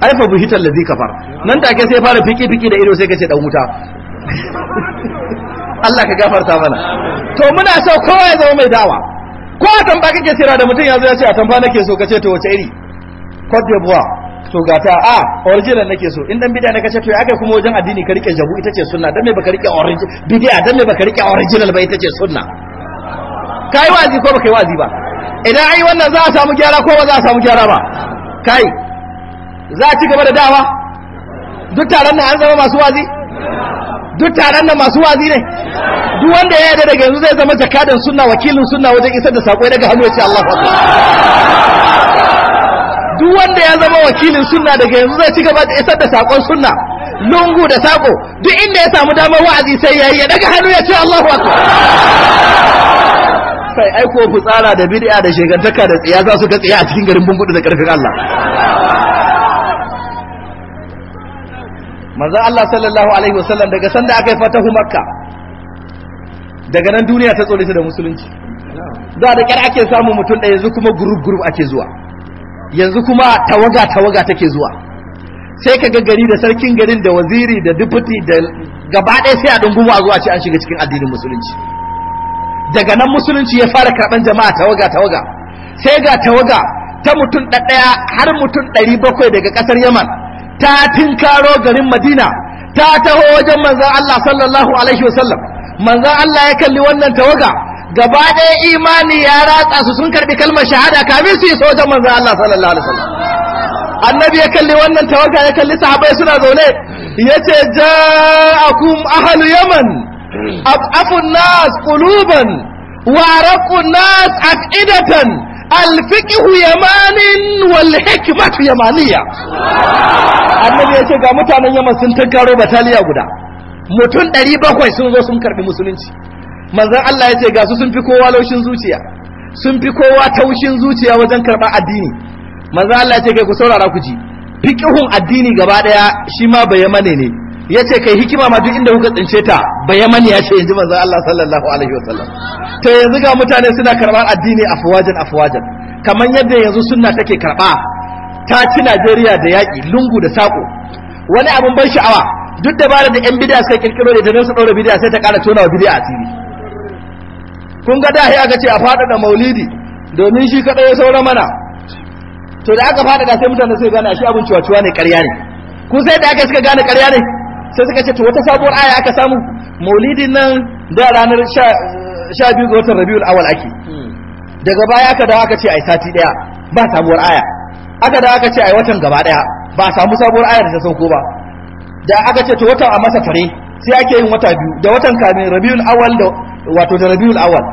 alfa buhital ladhi kafar nan take sai fara fiki fiki da ido sai kace dan wuta Allah ka gafarta mana to muna so kowa ya zama mai dawa ko a tamba kake sira da mutum yanzu ya ce a tamba nake so kace to wace iri Cote d'Ivoire to gata a original nake so in dan bid'a nake kace to ya kai kuma wajen addini ka rike jabu ita ce sunna dan me baka rike original bid'a dan me baka rike original ba ita ce sunna kai wazi ko baka yi wazi ba idan ai wannan za a samu gyara ko ba za a samu gyara ba kai za a ci gaba da dawa duk taron nan an zama masu wazi duk taron da masu wazi ne duk wanda ya yarda daga yanzu zai zama jakadan sunna wakilin sunna wajen isar da sako daga hannu ya ce Allahu akbar duk wanda ya zama wakilin sunna daga yanzu zai ci gaba da isar da sakon sunna lungu da sako duk inda ya samu damar wa'azi sai yayi ya daga hannu ya ce Allahu akbar kai aiko fitsara da bid'a da shegantaka da tsiya za su ga tsiya a cikin garin bumbudu da karfin Allah manzon Allah sallallahu alaihi wasallam daga sanda aka yi fatahu makka daga nan duniya ta tsore da musulunci da da kyar ake samun mutum ɗaya yanzu kuma gurub-gurub ake zuwa yanzu kuma tawaga tawaga take zuwa sai ka ga gari da sarkin garin da waziri da deputy da gaba ɗaya sai a dungumu a zuwa ce an shiga cikin addinin musulunci daga nan musulunci ya fara karɓar jama'a tawaga tawaga sai ga tawaga ta mutum ɗaya har mutum ɗari bakwai daga ƙasar yaman ta tinkaro garin madina ta taho wajen manzan Allah sallallahu alaihi wasallam manzan Allah ya kalli wannan tawaga gaba ɗaya imani ya ratsa su sun karɓi kalmar shahada kamin su yi sojan manzan Allah sallallahu alaihi wasallam annabi ya kalli wannan tawaga ya kalli sahabai suna zaune ya ce ja'akum ahlu yaman af'afun nas quluban wa araqun nas aqidatan الفقه يمان والحكمة yamaniya. annabi ya ce ga mutanen yaman sun tankaro bataliya guda mutum 700 sun zo sun karbi musulunci manzan Allah ya ce ga su sun fi kowa laushin zuciya sun fi kowa taushin zuciya wajen karba addini manzan Allah ya ce kai ku saurara ku ji Fiƙihun addini gaba daya shi ma bayamane ne Ya ce kai hikima ma duk inda kuka tsince ta bayamane ya ce inji manzan Allah sallallahu alaihi wasallam to yanzu ga mutane suna karbar addini afuwajan afuwajan kamar yadda yanzu sunna take karba ta ci Najeriya da yaƙi lungu da saƙo wani abin ban sha'awa duk da bada da 'yan bidiya sai kirkiro da idan su ɗaura bidiya sai ta ƙara tona wa bidiya asiri kun ga dahi aka ce a faɗaɗa maulidi domin shi kaɗai ya saura mana to da aka da sai mutane sai gane shi abin ciwa ne ƙarya ne kun sai da aka suka gane ƙarya ne sai suka ce to wata sabuwar aya aka samu maulidin nan da ranar sha biyu ga watan rabiul awal ake hmm. daga baya aka dawo aka ce yi sati ɗaya ba sabuwar aya aka da aka ce ai watan gaba daya ba a samu sabuwar ayar da ta sauko ba da aka ce to watan a masa fare sai ake yin wata biyu da watan kamin rabiul awal da wato da rabiul awal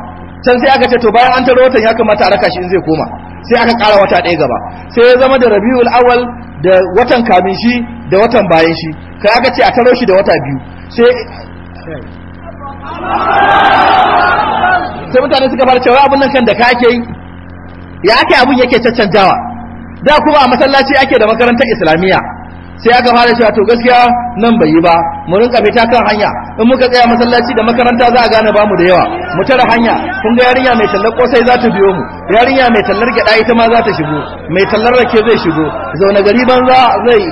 can sai aka ce to bayan an taro watan ya kamata a raka shi in zai koma sai aka ƙara wata ɗaya gaba sai ya zama da rabiul awal da watan kamin shi da watan bayan shi kai aka ce a taro shi da wata biyu sai sai mutane suka fara cewa abun nan kan da kake yi ya ake abun yake caccanjawa da kuma a masallaci ake da makarantar islamiyya sai aka fara cewa to gaskiya nan bai yi ba mu rinka fita kan hanya in muka tsaya masallaci da makaranta za a gane bamu da yawa mu tara hanya kun ga yarinya mai tallar kosai za ta biyo mu yarinya mai tallar gyaɗa ita ma za ta shigo mai tallar rake zai shigo zaune gari banza zai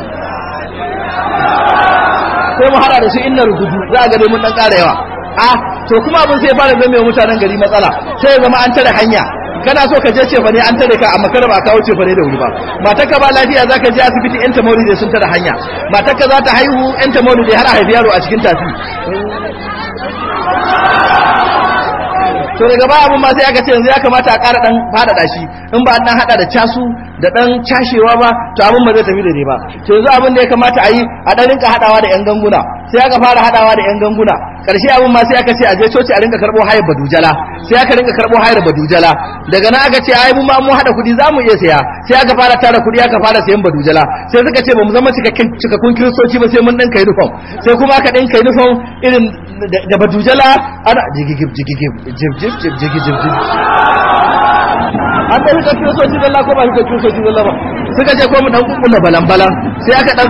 sai mu hada da shi inna rubutu za a ga mun dan kara yawa a ah, to kuma abin sai fara zama mutanen gari matsala sai ya zama an tare hanya kana so ka je ce fa an tare ka a kada ba kawo wuce fa da wuri ba matar ka ba lafiya zaka je asibiti yan tamori da sun tare hanya matar ka za ta haihu yan tamori da har a haifi yaro a cikin tafi to daga ba abun ma sai aka ce yanzu ya kamata a ƙara dan faɗaɗa shi in ba dan haɗa da casu da dan cashewa ba to abun ba zai tafi da ne ba to yanzu abin da ya kamata a yi a dan rinka haɗawa da yan ganguna sai aka fara hadawa da yan ganguna karshe abin ma sai aka ce a je coci a rinka karbo hayar badujala sai aka rinka karbo hayar badujala daga nan aka ce ai mun ma mu hada kudi za mu iya saya sai aka fara tara kudi aka fara sayan badujala sai suka ce bamu zama cikakken cikakkun kristoci ba sai mun dinka uniform sai kuma aka dinka uniform irin da badujala ana jigigib jigigib jigigib jigigib an da hikar da zalla ko ba hikar da zalla ba suka ce ko mu dan kukkula balan balan sai aka dan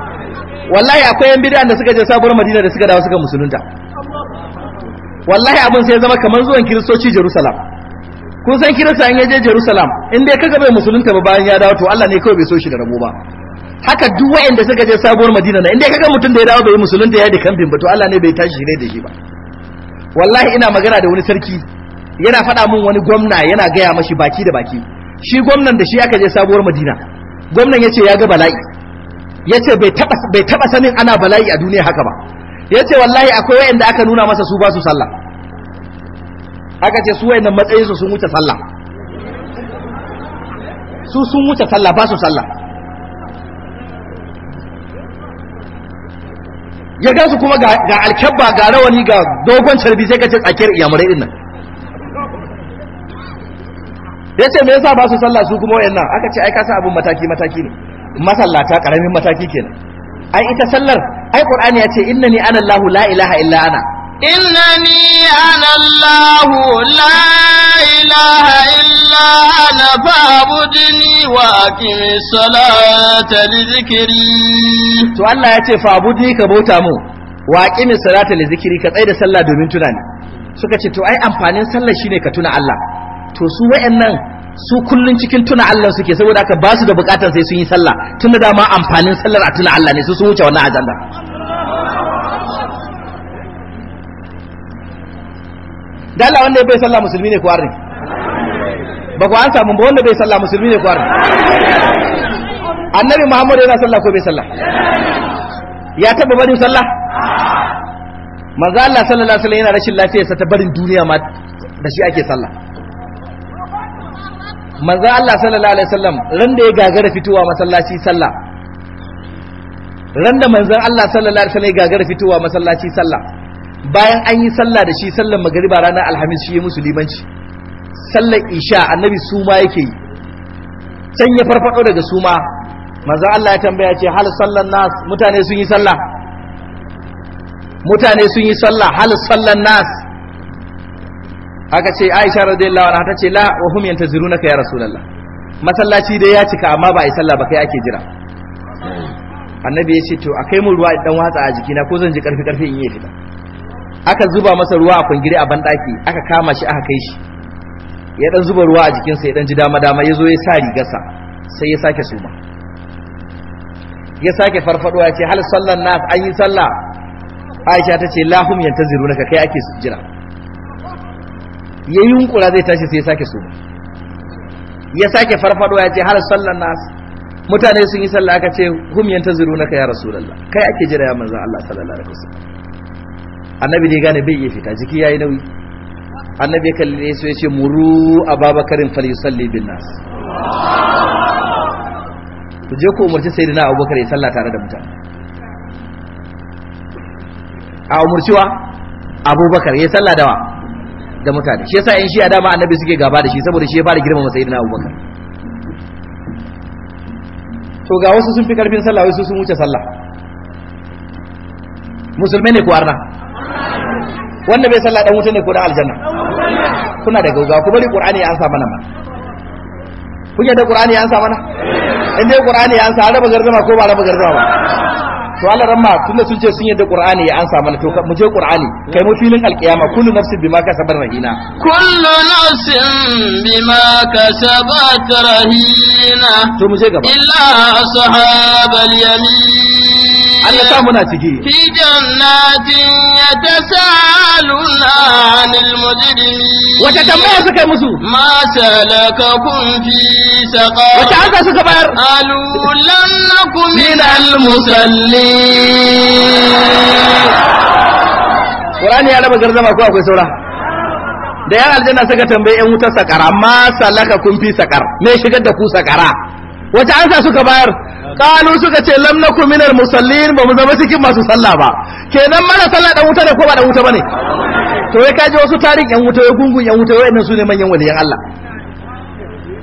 wallahi akwai yan bid'a da suka je sabuwar madina da suka dawo suka musulunta wallahi abin sai zama kamar zuwan kiristoci jerusalem kun san kirista in yaje je jerusalem in dai kaga bai musulunta ba bayan ya dawo to allah ne kawai bai so shi da rabo ba haka duk waɗanda suka je sabuwar madina na inda kaga mutum da ya dawo bai musulunta ya da kambin ba to Allah ne bai tashi ne da shi ba wallahi ina magana da wani sarki yana faɗa min wani gwamna yana gaya mashi baki da baki shi gwamnan da shi aka je sabuwar madina gwamnan ya ce ya ga bala'i yace bai bai taba sanin ana bala'i a duniya haka ba yace wallahi akwai wa'inda aka nuna masa su ba su sallah aka ce su wayannan matsayin su sun wuce sallah su sun wuce sallah ba su sallah ya gansu kuma ga alkyabba ga rawani ga dogon carbi sai ka ce tsakiyar iyamurai din nan ya ce me yasa ba su sallah su kuma nan aka ce ai ka abin mataki mataki ne masallata karamin mataki kenan ai ita sallar ai qur'ani ya ce innani ana allah la ilaha illa ana innani ana allah la ilaha illa ana fa'budni wa aqimis salata li zikri to allah ya ce fa'budni ka bauta mu wa aqimis salata li zikri ka tsaya da sallah domin tunani suka ce to ai amfanin sallar shine ka tuna allah to su wayannan su kullun cikin tuna Allah suke saboda haka ba su da bukatar sai sun yi sallah tunda dama amfanin sallar a tuna Allah ne su sun wuce wannan ajanda da Allah wanda bai sallah musulmi ne ko ba ku an samu ba wanda bai sallah musulmi ne ko annabi Muhammad yana sallah ko bai sallah ya taba barin sallah manzo Allah sallallahu alaihi wasallam yana rashin lafiyarsa ta barin duniya ma da shi ake sallah manzo Allah sallallahu alaihi wasallam ran da ya gagara fitowa masallaci sallah ran da manzo Allah sallallahu alaihi wasallam ya gagara fitowa masallaci sallah bayan an yi sallah da shi sallar magariba ranar alhamis shi ya musulmanci sallar isha annabi suma yake yi can ya farfado daga suma manzo Allah ya tambaya ce hal sallan nas mutane sun yi sallah mutane sun yi sallah hal sallan nas aka ce Aisha radiyallahu anha ta ce la wa hum yantazirunaka ya rasulullah masallaci dai ya cika amma ba a yi sallah ba kai ake jira annabi ya ce to a kai mu ruwa dan watsa a jikina ko zan ji karfi karfi in yi fita aka zuba masa ruwa a kungire a bandaki aka kama shi aka kai shi ya dan zuba ruwa a jikinsa ya dan ji dama dama ya zo ya sa rigarsa sai ya sake suma ya sake farfadowa ya ce hal sallan nas an yi sallah Aisha ta ce lahum yantazirunaka kai ake jira ya yunkura zai tashi sai ya sake su ya sake farfado ya ce har sallar nasu mutane sun yi sallah aka ce hum ziru naka ya rasulullah kai ake jira ya manzan Allah sallallahu alaihi wasallam annabi ne gane bai iya fita jiki ya yi nauyi annabi ya kalle su ya ce muru ababakarin salli bin nasu. ku je ku umarci sayyidina abubakar ya sallah tare da mutane a umarciwa abubakar ya sallah dawa da mutane shi yasa in shi a dama annabi suke gaba da shi saboda shi ya fara girmama sayyidina abubakar to ga wasu sun fi karfin sallah wasu sun wuce sallah musulmai ne ko arna wanda bai sallah dan wuta ne ko dan aljanna kuna da gauga ku bari qur'ani ya ansa mana ma kun da qur'ani ya ansa mana in dai qur'ani ya ansa raba gardama ko ba raba gardama ba to Allah ramma tunda sun ce sun yadda Qur'ani ya ansa mana to mu je Qur'ani kai mu filin alkiyama kullu nafsin bima kasabat rahina kullu nafsin bima kasabat rahina to mu je gaba illa ashabal yamin Allah ta muna ciki fi jannatin yatasaluna anil mujrimin wata tambaya suka musu ma kun fi saƙa. Wace ansa suka bayar alu lam nakum min al musallin ya raba garzama ko akwai saura da yan aljanna suka tambaye yan wutar sakara ma salaka kun fi sakar me shigar da ku sakara Wace ansa suka bayar kalu suka ce lam nakum minal musallin ba mu zama cikin masu sallah ba kenan mana sallah dan wuta ne ko ba dan wuta bane to ya kaji wasu tarin yan wuta ya gungun yan wuta wayannan su ne manyan waliyan Allah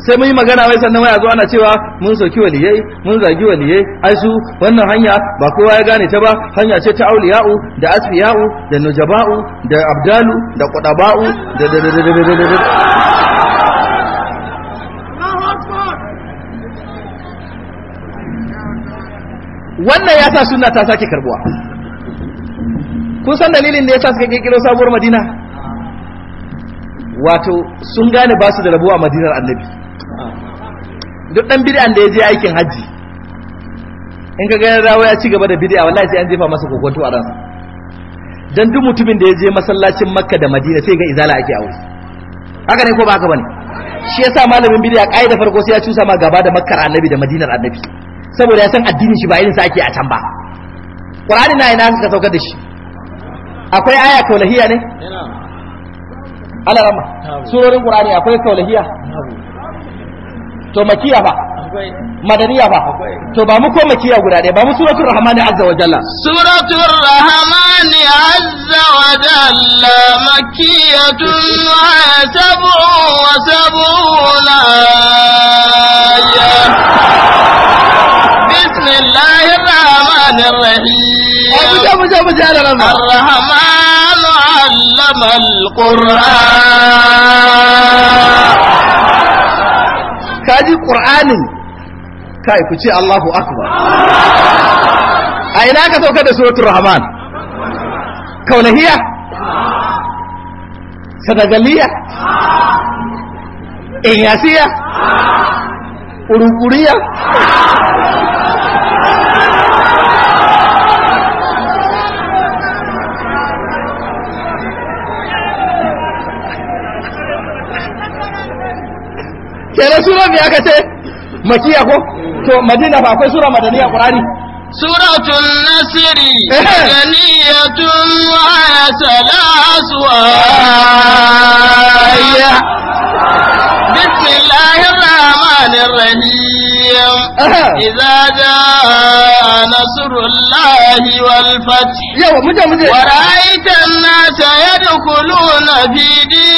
sai mun yi magana wai sannan wai a zo ana cewa mun soki waliyai mun zagi waliyai ai su wannan hanya ba kowa ya gane ta ba hanya ce ta auliya'u da asfiya'u da nujaba'u da abdalu da qudaba'u da da da da da wannan ya sa sunna ta sake karbuwa kun san dalilin da ya sa suka kekiro sabuwar madina wato sun gane ba su da rabuwa madinar annabi duk dan bid'an da ya je aikin hajji in ka gane rawa ya ci gaba da bid'a wallahi sai an jefa masa kokonto a ransa dan duk mutumin da ya je masallacin makka da madina sai ga izala ake aure haka ne ko ba haka bane shi yasa malamin bid'a kaida farko sai ya cusa ma gaba da makkar annabi da madinar annabi saboda ya san addinin shi ba irin sa ake a can ba qur'ani na ina suka saukar da shi akwai aya kaulahiya ne alarama surorin qur'ani akwai kaulahiya to makiya ba madaniya ba to ba mu ko makiya guda ɗaya ba mu suratul rahmani azza wa jalla suratul rahmani azza wa jalla makiyatun wa sab'u wa ya الرحمن علم القرآن كاجي قرآن كاي كتشي الله أكبر أينك توكد سورة الرحمن كونهية سنجلية إنياسية أوروغوريا kenan sura biya ka ce makiya ko to madina ba akwai sura madaniya qur'ani suratul nasiri eh. ganiyatun wa salaswa ya bismillahir rahmanir rahim eh. idza jaa nasrullah wal fath yawa mutum je wa ra'aytan nas yadkhuluna fi din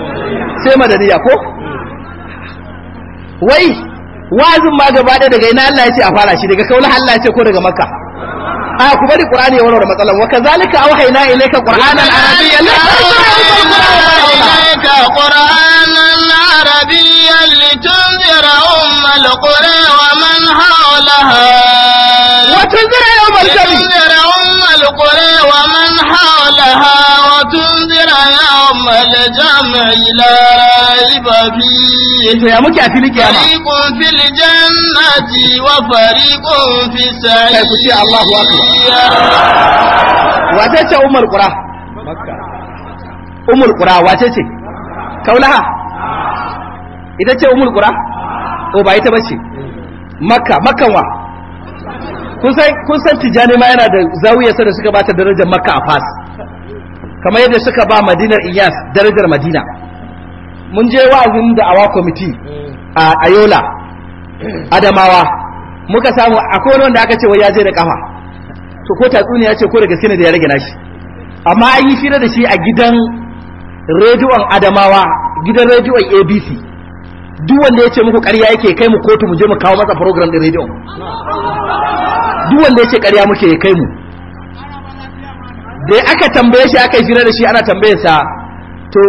sai madaniya ko wai wazin ma gaba da daga ina Allah ya ce a fara shi daga kaula Allah ya ce ko daga makka a ku bari qur'ani ya warware matsalan wa kazalika awhayna ilayka qur'anan arabiyyan to ya muke a fili kiyama fariqun fil jannati wa fariqun fis sa'i. kai ku ce Allahu akbar wace ce Umar qura makka Umar qura wace ce kaulaha ita ce Umar qura o ba ita bace makka makkan wa kun san tijani ma yana da sai da suka bata darajar makka a fas kamar yadda suka ba madinar iyas darajar madina mun je wa'azin da awa committee a ayola adamawa muka samu akwai wani wanda aka ce wai ya je da kafa to ko tatsuniya ce ko da gaske ne da ya rage nashi amma an yi shira da shi a gidan rediyon adamawa gidan rediyon abc duk wanda ya ce muku karya yake kai mu kotu mu je mu kawo masa program din rediyon duk wanda ya ce karya muke kai mu da aka tambaye shi aka yi shira da shi ana tambayarsa to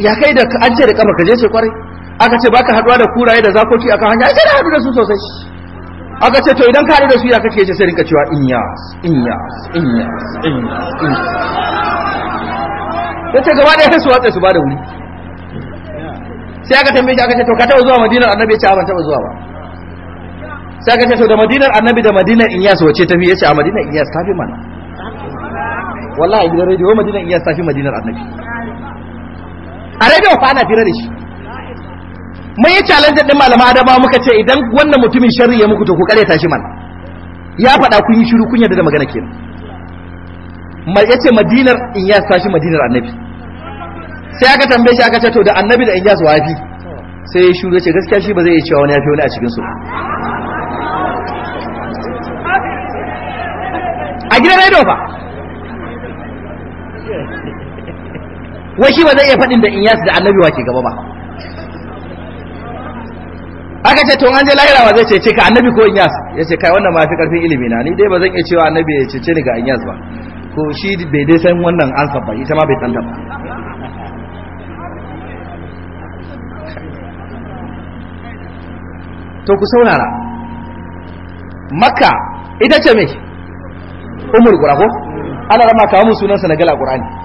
ya kai da an ce da kama ka je ce kwarai aka ce baka haduwa da kuraye da zakoki akan hanya ai sai da haɗu da su sosai aka ce to idan ka haɗu da su ya kake ce sai rinka cewa inyas inyas inyas inyas inyas ya ce gaba ɗaya sai su watsa su ba da wuri sai aka tambaye shi aka ce to ka taɓa zuwa madinar annabi ya ce ban taɓa zuwa ba sai aka ce to da madinar annabi da madinar inyas wace tafi ya ce a madinar inyas tafi mana wallahi gidan rediyo madinar inyas tafi madinar annabi a rediyo fa ana fira da shi mai yi challenge din malama ba muka ce idan wannan mutumin sharri ya muku to ku kare tashi mana ya faɗa kun yi shiru kun yarda da magana kenan mai yace madinar in ya tashi madinar annabi sai aka tambaye shi aka ce to da annabi da in ya zuwa fi sai ya shiru yace gaskiya shi ba zai iya cewa wani ya fi wani a cikin su a gidan rediyo fa wai shi ba zai iya faɗin da in da annabi wake ke gaba ba aka ce to an je lahira wa zai cece ka annabi ko in ya ce kai wannan ma fi karfin ilimi na ni dai ba zan iya cewa annabi ya cece ni ga in ba ko shi bai dai san wannan an ba ita ma bai tsanta ba to ku saurara makka ita ce me Umar gura ko ana rama kawo mu sunan sa na gala qur'ani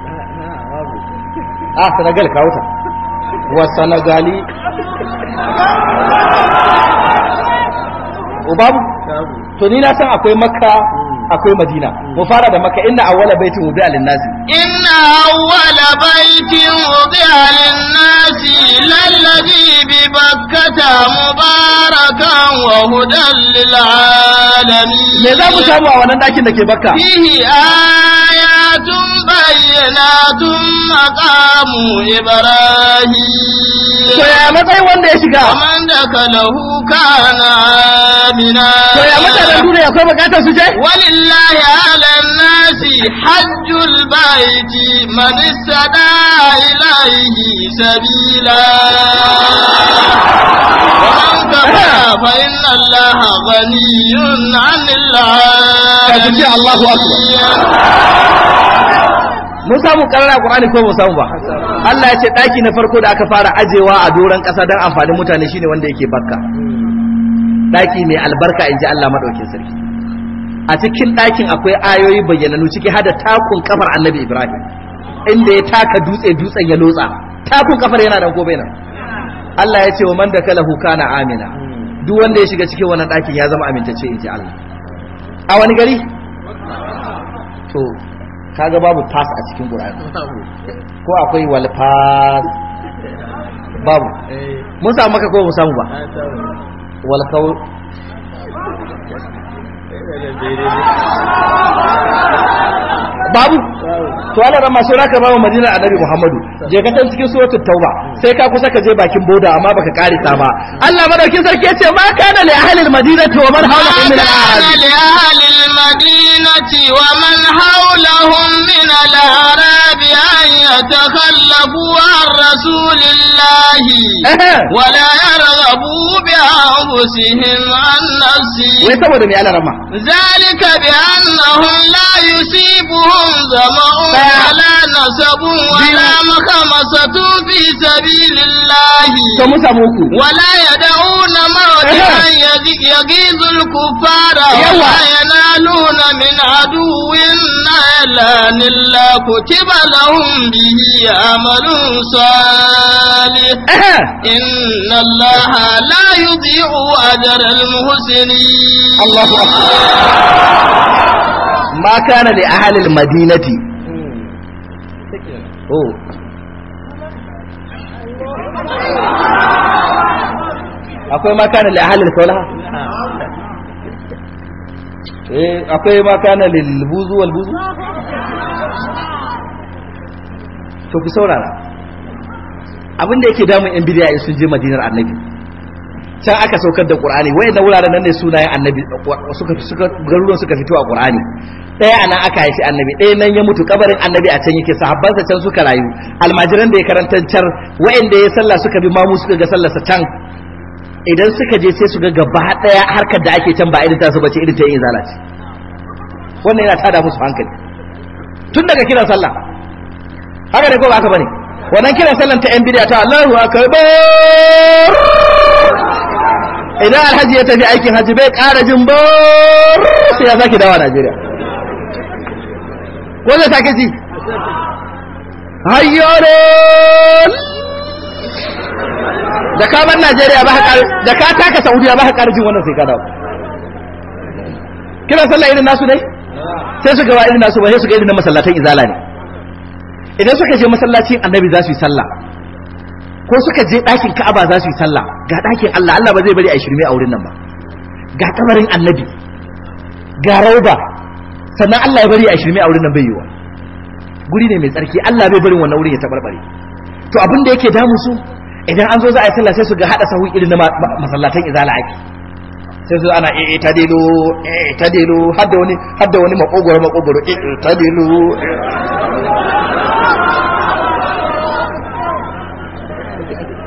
a senegal kawo ta wa senegali ubabu to ni na san akwai makka akwai madina mu fara da makka inna awwala baitin wudi'a lin-nasi inna awwala baitin wudi'a lin-nasi lalladhi bi bakkata mubarakan wa hudan lil-alamin me za mu samu a wannan dakin da ke bakka fihi ayatun bayyinatun maqamu ibrahim Soya ya matsayin wanda ya shiga man da kalahu kana amina to ya mutanen duniya akwai bukatar su je walillahi ala nasi hajjul baiti man istada ilaihi sabila فإن الله غني عن العالمين Allahu أكبر mun samu karara qur'ani ko mun samu ba Allah ya ce daki na farko da aka fara ajewa a doran kasa dan amfanin mutane shine wanda yake bakka daki mai albarka inji Allah madaukin sarki a cikin dakin akwai ayoyi bayyananu ciki hada takun kafar annabi Ibrahim inda ya taka dutse dutsen ya lotsa takun kafar yana da gobe nan Allah ya ce wa man dakalahu kana amina duk wanda ya shiga cikin wannan dakin ya zama amintacce inji Allah a wani gari to kaga babu pass a cikin qur'ani ko akwai wal pass babu eh. mun samu maka ko mu samu ba wal qawl babu to Allah ran masu raka bawa madina annabi Muhammadu je ka san cikin suratul tauba sai ka kusa ka je bakin boda amma baka ta ba Allah madaukin sarki ya ce ma kana li ahli almadinati wa man hawlahum min al-ahli li ahli almadinati wa man hawlahum رسول الله ولا يرغبوا بأنفسهم عن نفسه ذلك بأنهم لا يصيبهم ظمأ ولا نصب ولا مخمصة في سبيل الله ولا يدعون موتا يغيظ الكفار ولا ينالون من عدو فعلان إلا كتب لهم به عمل صالح إن الله لا يضيع أجر المحسنين الله أكبر ما كان لأهل المدينة أوه. akwai ma لأهل li eh akwai ma kana lilbuzu buzu buzu to ku saurara abin da yake damun yan bidiya sun je madinar annabi can aka saukar da qur'ani da wuraren nan ne sunayen annabi suka suka garuruwan suka fito a qur'ani daya anan aka haifi annabi daya nan ya mutu kabarin annabi a can yake sa can suka rayu almajiran da ya karantar da ya sallah suka bi mamu suka ga sallarsa can idan suka je sai su ga gaba daya harkar da ake can ba irin ta su bace irin ta yin zalaci. wannan yana tada musu hankali tun daga kiran sallah haka ne ko ba haka bane wannan kiran sallan ta yan bidiya ta Allahu akbar idan alhaji ya tafi aikin haji bai ƙara jin ba sai ya saki dawa Najeriya wanda take ji hayyare da ka bar Najeriya ba ka da ka taka Saudiya ba ka jin wannan sai ka dawo kina sallah irin nasu dai sai su gaba irin nasu ba sai su ga irin masallatan izala ne idan suka je masallacin annabi za su yi sallah ko suka je ɗakin ka'aba za su yi sallah ga ɗakin Allah Allah ba zai bari a shirme a wurin nan ba ga kabarin annabi ga rauba sannan Allah ya bari a shirme a wurin nan bai yiwa guri ne mai tsarki Allah bai bari wannan wurin ya tabarbare to abin da yake damu su idan an zo za a yi sallah sai su ga hada sahu irin na masallatan izala ake sai su ana eh ta dilo eh ta dilo eh, eh, har da wani har da wani makogoro makogoro eh, eh ta dilo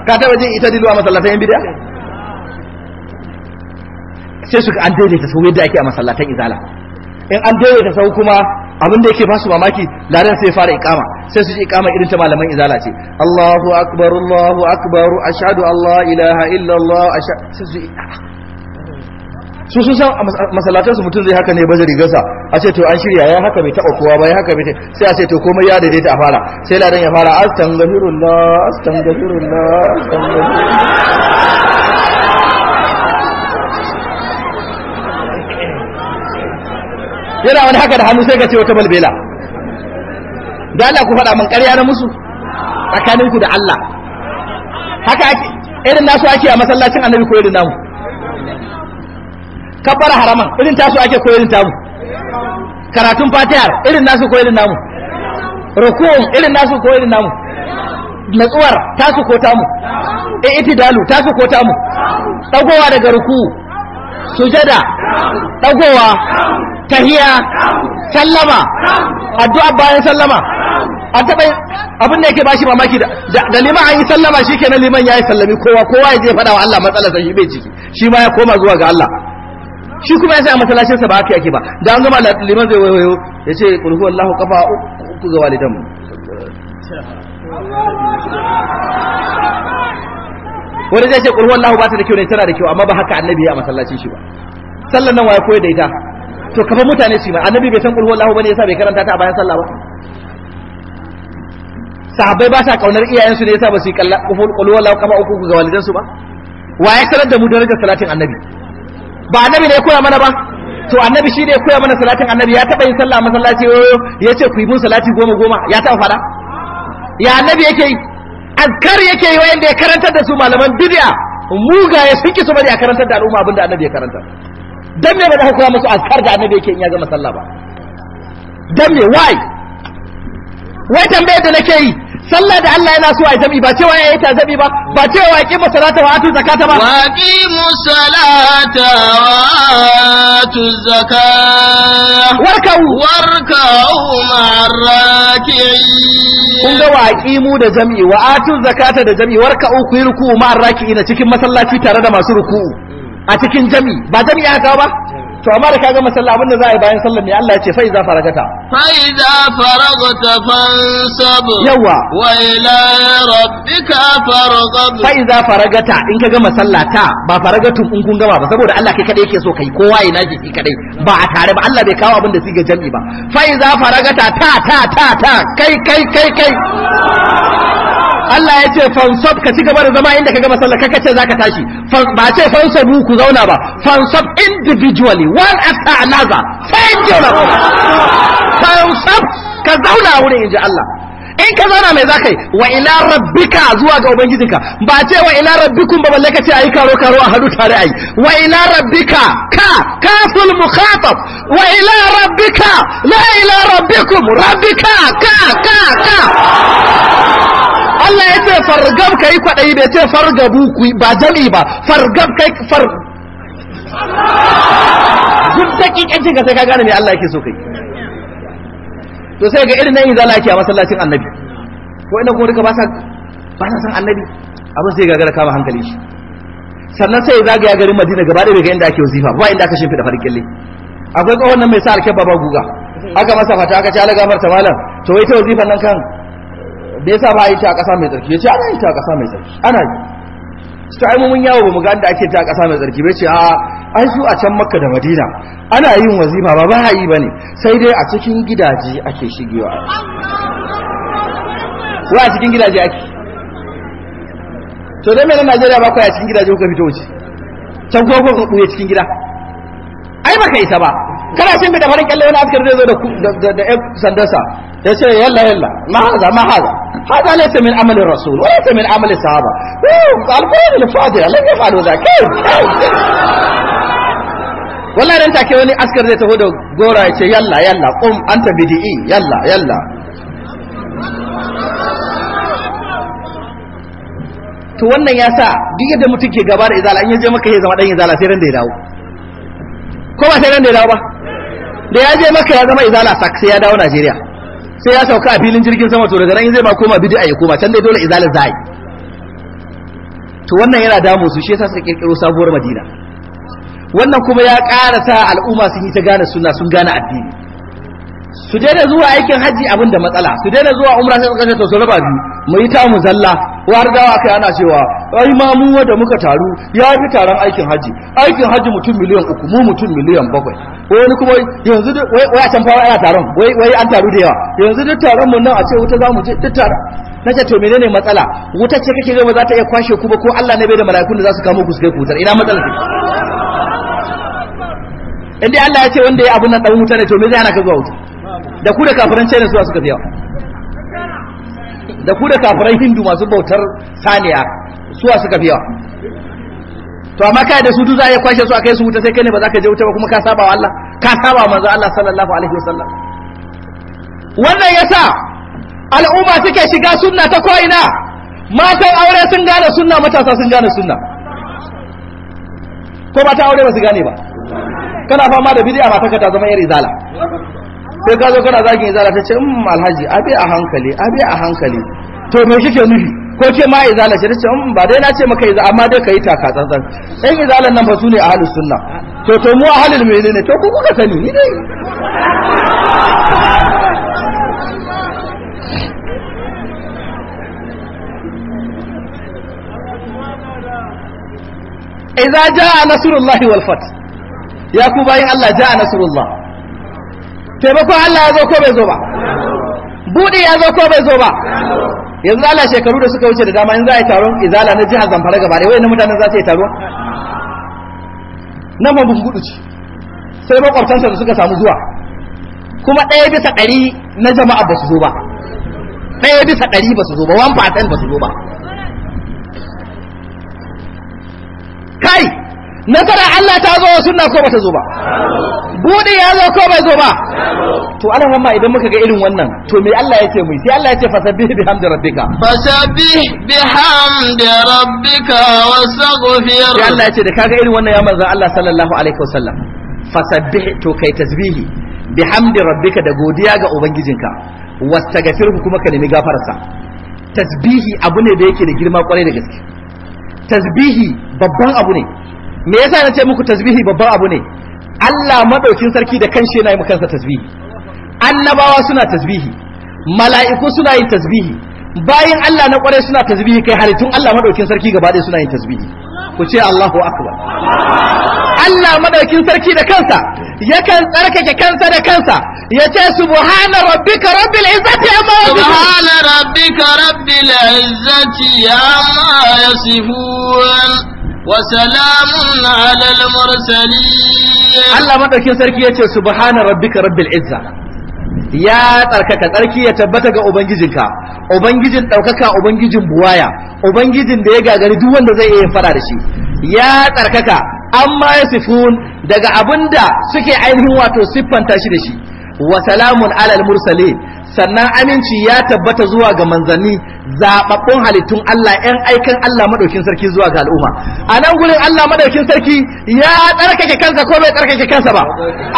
ka ta waje ita dilo a masallatan yan bid'a sai su ga an daidaita sahu yadda ake a masallatan izala in an daidaita sahu kuma abin da yake ba su mamaki ladan sai fara ikama sai su ji ikama irin ta malaman izala ce Allahu akbar Allahu akbar ashhadu Allah ilaha illa Allah sai ah, ah. su sun san masallatan su mutum zai haka ne bazari gasa a ce to an shirya ya haka bai taɓa kowa ba ya haka bai sai a ce to komai ya daidaita a fara sai ladan ya fara astaghfirullah astaghfirullah astaghfirullah yana wani haka da hannu sai ka ce wata balbela da Allah ku faɗa mun ƙarya na musu tsakaninku da Allah haka irin nasu ake a masallacin annabi ko irin namu kabbara haraman irin tasu ake ko irin tamu karatun fatiha irin nasu ko irin namu rukun irin nasu ko irin namu natsuwar tasu ko tamu itidalu tasu ko tamu dagowa daga ruku sujada dagowa tahiya sallama addu'a bayan sallama a taɓa abin da yake bashi mamaki da liman an yi sallama shi kenan liman yayi sallami kowa kowa ya fada faɗa wa Allah matsalar shi bai ciki shi ma ya koma zuwa ga Allah shi kuma yasa masallacin sa ba haka yake ba da an gama liman zai wayo ya ce kulhu Allahu kafa uku ga mu. wani zai ce kulhu lahu ba ta da kyau ne tana da kyau amma ba haka annabi ya a masallacin shi ba sallan nan waya koyar da ita to kafa mutane su ba annabi bai san ba ne bane yasa bai karanta ta a bayan sallah ba sahabbai ba sa kaunar iyayensu ne yasa ba su yi kulhu lahu kama uku ga walidansu ba waye sanar da mu darajar salatin annabi ba annabi ne ya koya mana ba to annabi shi ne ya koya mana salatin annabi ya taba yin sallah masallaci oh, ya ce ku yi mun salati goma goma ya taba fada ya annabi yake yi azkar yake yi wayanda ya karantar da su malaman bid'a mugaye sun ki su bari a karantar da al'umma abinda annabi ya karanta dan me ba za ka koya musu azkar da annabi yake in ya gama sallah dan me why wai tambayar da nake yi sallah da Allah yana so a jami ba cewa ya yi ta zabi ba ba cewa ya kima musalata wa atu zakata ba wa qimu salata wa atu zakata warkau warkau ma'arraki'in kun ga wa qimu da zami wa atu zakata da zami warkau ku yi ruku'u ma'arraki'ina cikin masallaci tare da masu ruku'u a cikin jami ba jami ya kawo ba to amma da kaga masalla abinda za a yi bayan sallah ne Allah ya ce fa faragata fa faragata fansab yawa wa ila rabbika farghab fa faragata in ka kaga masallata ba faragatun in kun gama ba saboda Allah kai kadai yake so kai kowa ya naji shi kadai ba a tare ba Allah bai kawo abin da siga jami'i ba fa iza faragata ta ta ta ta kai kai kai kai Allah ya ce fansab ka ci gaba da zama inda ka gama sallah ka ce zaka tashi ba ce fansabu ku zauna ba fansab individually one after another sai fansab ka zauna wurin inji Allah in ka zauna mai zakai wa ila rabbika zuwa ga ubangijinka ba ce wa ila rabbikum ba balle ka ce ayi karo karo a hadu tare ayi wa ila rabbika ka kaful mukhatab wa ila rabbika la ila rabbikum rabbika ka ka ka Allah ya ce fargab kai kwaɗayi bai ce fargabu ku ba jami ba fargab kai far duk dakikancin ka sai ka gane me Allah yake so kai to sai ga irin nan yanzu Allah yake a masallacin annabi ko ina kuma duka ba sa ba sa san annabi abin sai gagara kama hankali shi sannan sai zagaya garin madina gaba ɗaya ga inda ake wasifa ba inda aka shimfiɗa farkille akwai ƙawon nan mai sa alkyabba ba guga aka masa fata aka ci ala gafarta malam to wai ta wazifan nan kan da yasa ba a yi ta a ƙasa mai tsarki ya ce ana yi ta a ƙasa mai tsarki ana yi su ta mun yawo ba mu ga da ake ta a ƙasa mai tsarki bai ce a an su a can makka da madina ana yin wazima ba ba a yi ba ne sai dai a cikin gidaje ake shigewa wa a cikin gidaje ake to dai mai na najeriya ba kwaya cikin gidaje kuka fito wuce can kuma kuka kuɗuye cikin gida ai ka isa ba kana mai da farin kyalle wani askar zai zo da da da sandarsa ya ce yalla yalla mahaza mahaza هذا ليس من عمل الرسول وليس من عمل الصحابة القرآن الفاضل لم يفعلوا ذلك والله لن take wani askar zai taho da يلا ya ce yalla yalla يلا anta yalla yalla to wannan ya sa duk yadda mutum ke gaba da izala an yaje maka ya zama dan izala sai ran da ya dawo ko ba sai ran da ya dawo ba da ya je maka ya zama izala sak sai ya dawo Najeriya sai ya sauka a filin jirgin sama to daga nan zai ba koma a ya koma can dai dole a zai to wannan yana damu su shi yasa suka kirkiro sabuwar madina wannan kuma ya ƙara sa al'umma sun yi ta gane sunna sun gane addini su daina zuwa aikin hajji abin da matsala su daina zuwa umra sai kace to su raba mu yi ta muzalla har dawa kai ana cewa ai mamu da wanda muka taru ya fi taron aikin hajji aikin hajji mutum miliyan uku mu mutum miliyan bakwai wani kuma yanzu wai a can fara ana taron wai an taru da yawa yanzu duk taron mu nan a ce wuta za mu je duk taron na ce to menene matsala wuta ce kake ga ba za ta iya kwashe ku ba ko Allah ne bai da mala'ikun da za su kama ku su kai ku ina matsala ce in dai Allah ya ce wanda ya abun nan dan wuta ne to me zai hana ka zuwa wuta da ku da kafiran china su suka biya da ku da kafiran hindu masu bautar saniya su suka biya to amma kai da su duk za a kwashe su a kai su wuta sai kai ne ba za ka je wuta ba kuma ka saba wa Allah ka saba manzo Allah sallallahu alaihi wasallam wannan yasa al'umma suke shiga sunna ta ko ina matan aure sun gane sunna matasa sun gane sunna ko ba ta aure ba su gane ba kana fama da bid'a ba ta zama yar izala sai ka zo kana zagin izala ta ce in mm, alhaji abi a hankali abi a hankali to me kike nufi ko ke ma izala ce ta ce in mm, ba dai na ce maka izala amma dai kai taka tsantsan ɗan izalan nan fa su ne ahlus sunna to to mu ahlul ne to ku kuka sani ni dai idza jaa nasrullahi wal walfat ya ku bayin Allah jaa nasrullah taimakon Allah ya zo ko bai zo ba buɗe ya zo ko bai zo ba yanzu Allah shekaru da suka wuce da dama in za a yi taron izala na jihar zamfara gaba da wayannan mutanen za su yi taro nan ma gudu ce sai makwabtansa da suka samu zuwa kuma ɗaya bisa ɗari na jama'a ba su zo ba ɗaya bisa ɗari ba su zo ba 1% ba su zo ba kai nasara Allah ta zo wa sunna ko bata zo ba buɗe ya zo ko bai zo ba to alhamma idan muka ga irin wannan to me Allah ya ce mu sai Allah ya ce fasabbih bihamdi rabbika fasabbih bihamdi rabbika wastaghfir sai Allah ya ce da kaga irin wannan ya manzo Allah sallallahu alaihi wasallam fasabbih to kai tasbihi bihamdi rabbika da godiya ga ubangijinka wastaghfirhu kuma ka nemi gafararsa tasbihi abu ne da yake da girma kwarai da gaske tasbihi babban abu ne me yasa na ce muku tasbihi babban abu ne Allah madaukin sarki da kanshi yana yi mu kansa tasbihi annabawa suna tasbihi mala'iku suna yin tasbihi bayin Allah na kware suna tasbihi kai halittun Allah madaukin sarki gaba ɗaya suna yin tasbihi ku ce Allahu akbar Allah madaukin sarki da kansa yakan tsarkake kansa da kansa ya ce subhana rabbika rabbil izzati amma subhana rabbika rabbil izzati amma yasifun Allah maɗaukin sarki ya ce, Subhanar Rabbi ka rabbi ya tsarkaka tsarki ya tabbata ga Ubangijinka, Ubangijin ɗaukaka, Ubangijin buwaya, Ubangijin da ya gagari duk wanda zai iya fara da shi, ya tsarkaka, an ma ya sifu daga abin da suke ainihin wato siffanta shi da shi, wa salamun ala al-mursale, sannan aminci ya tabbata zuwa ga manzanni zababbun halittun Allah 'yan aikan Allah madaukin sarki zuwa ga al'umma a nan gurin Allah madaukin sarki ya tsarkake kansa ko bai tsarkake kansa ba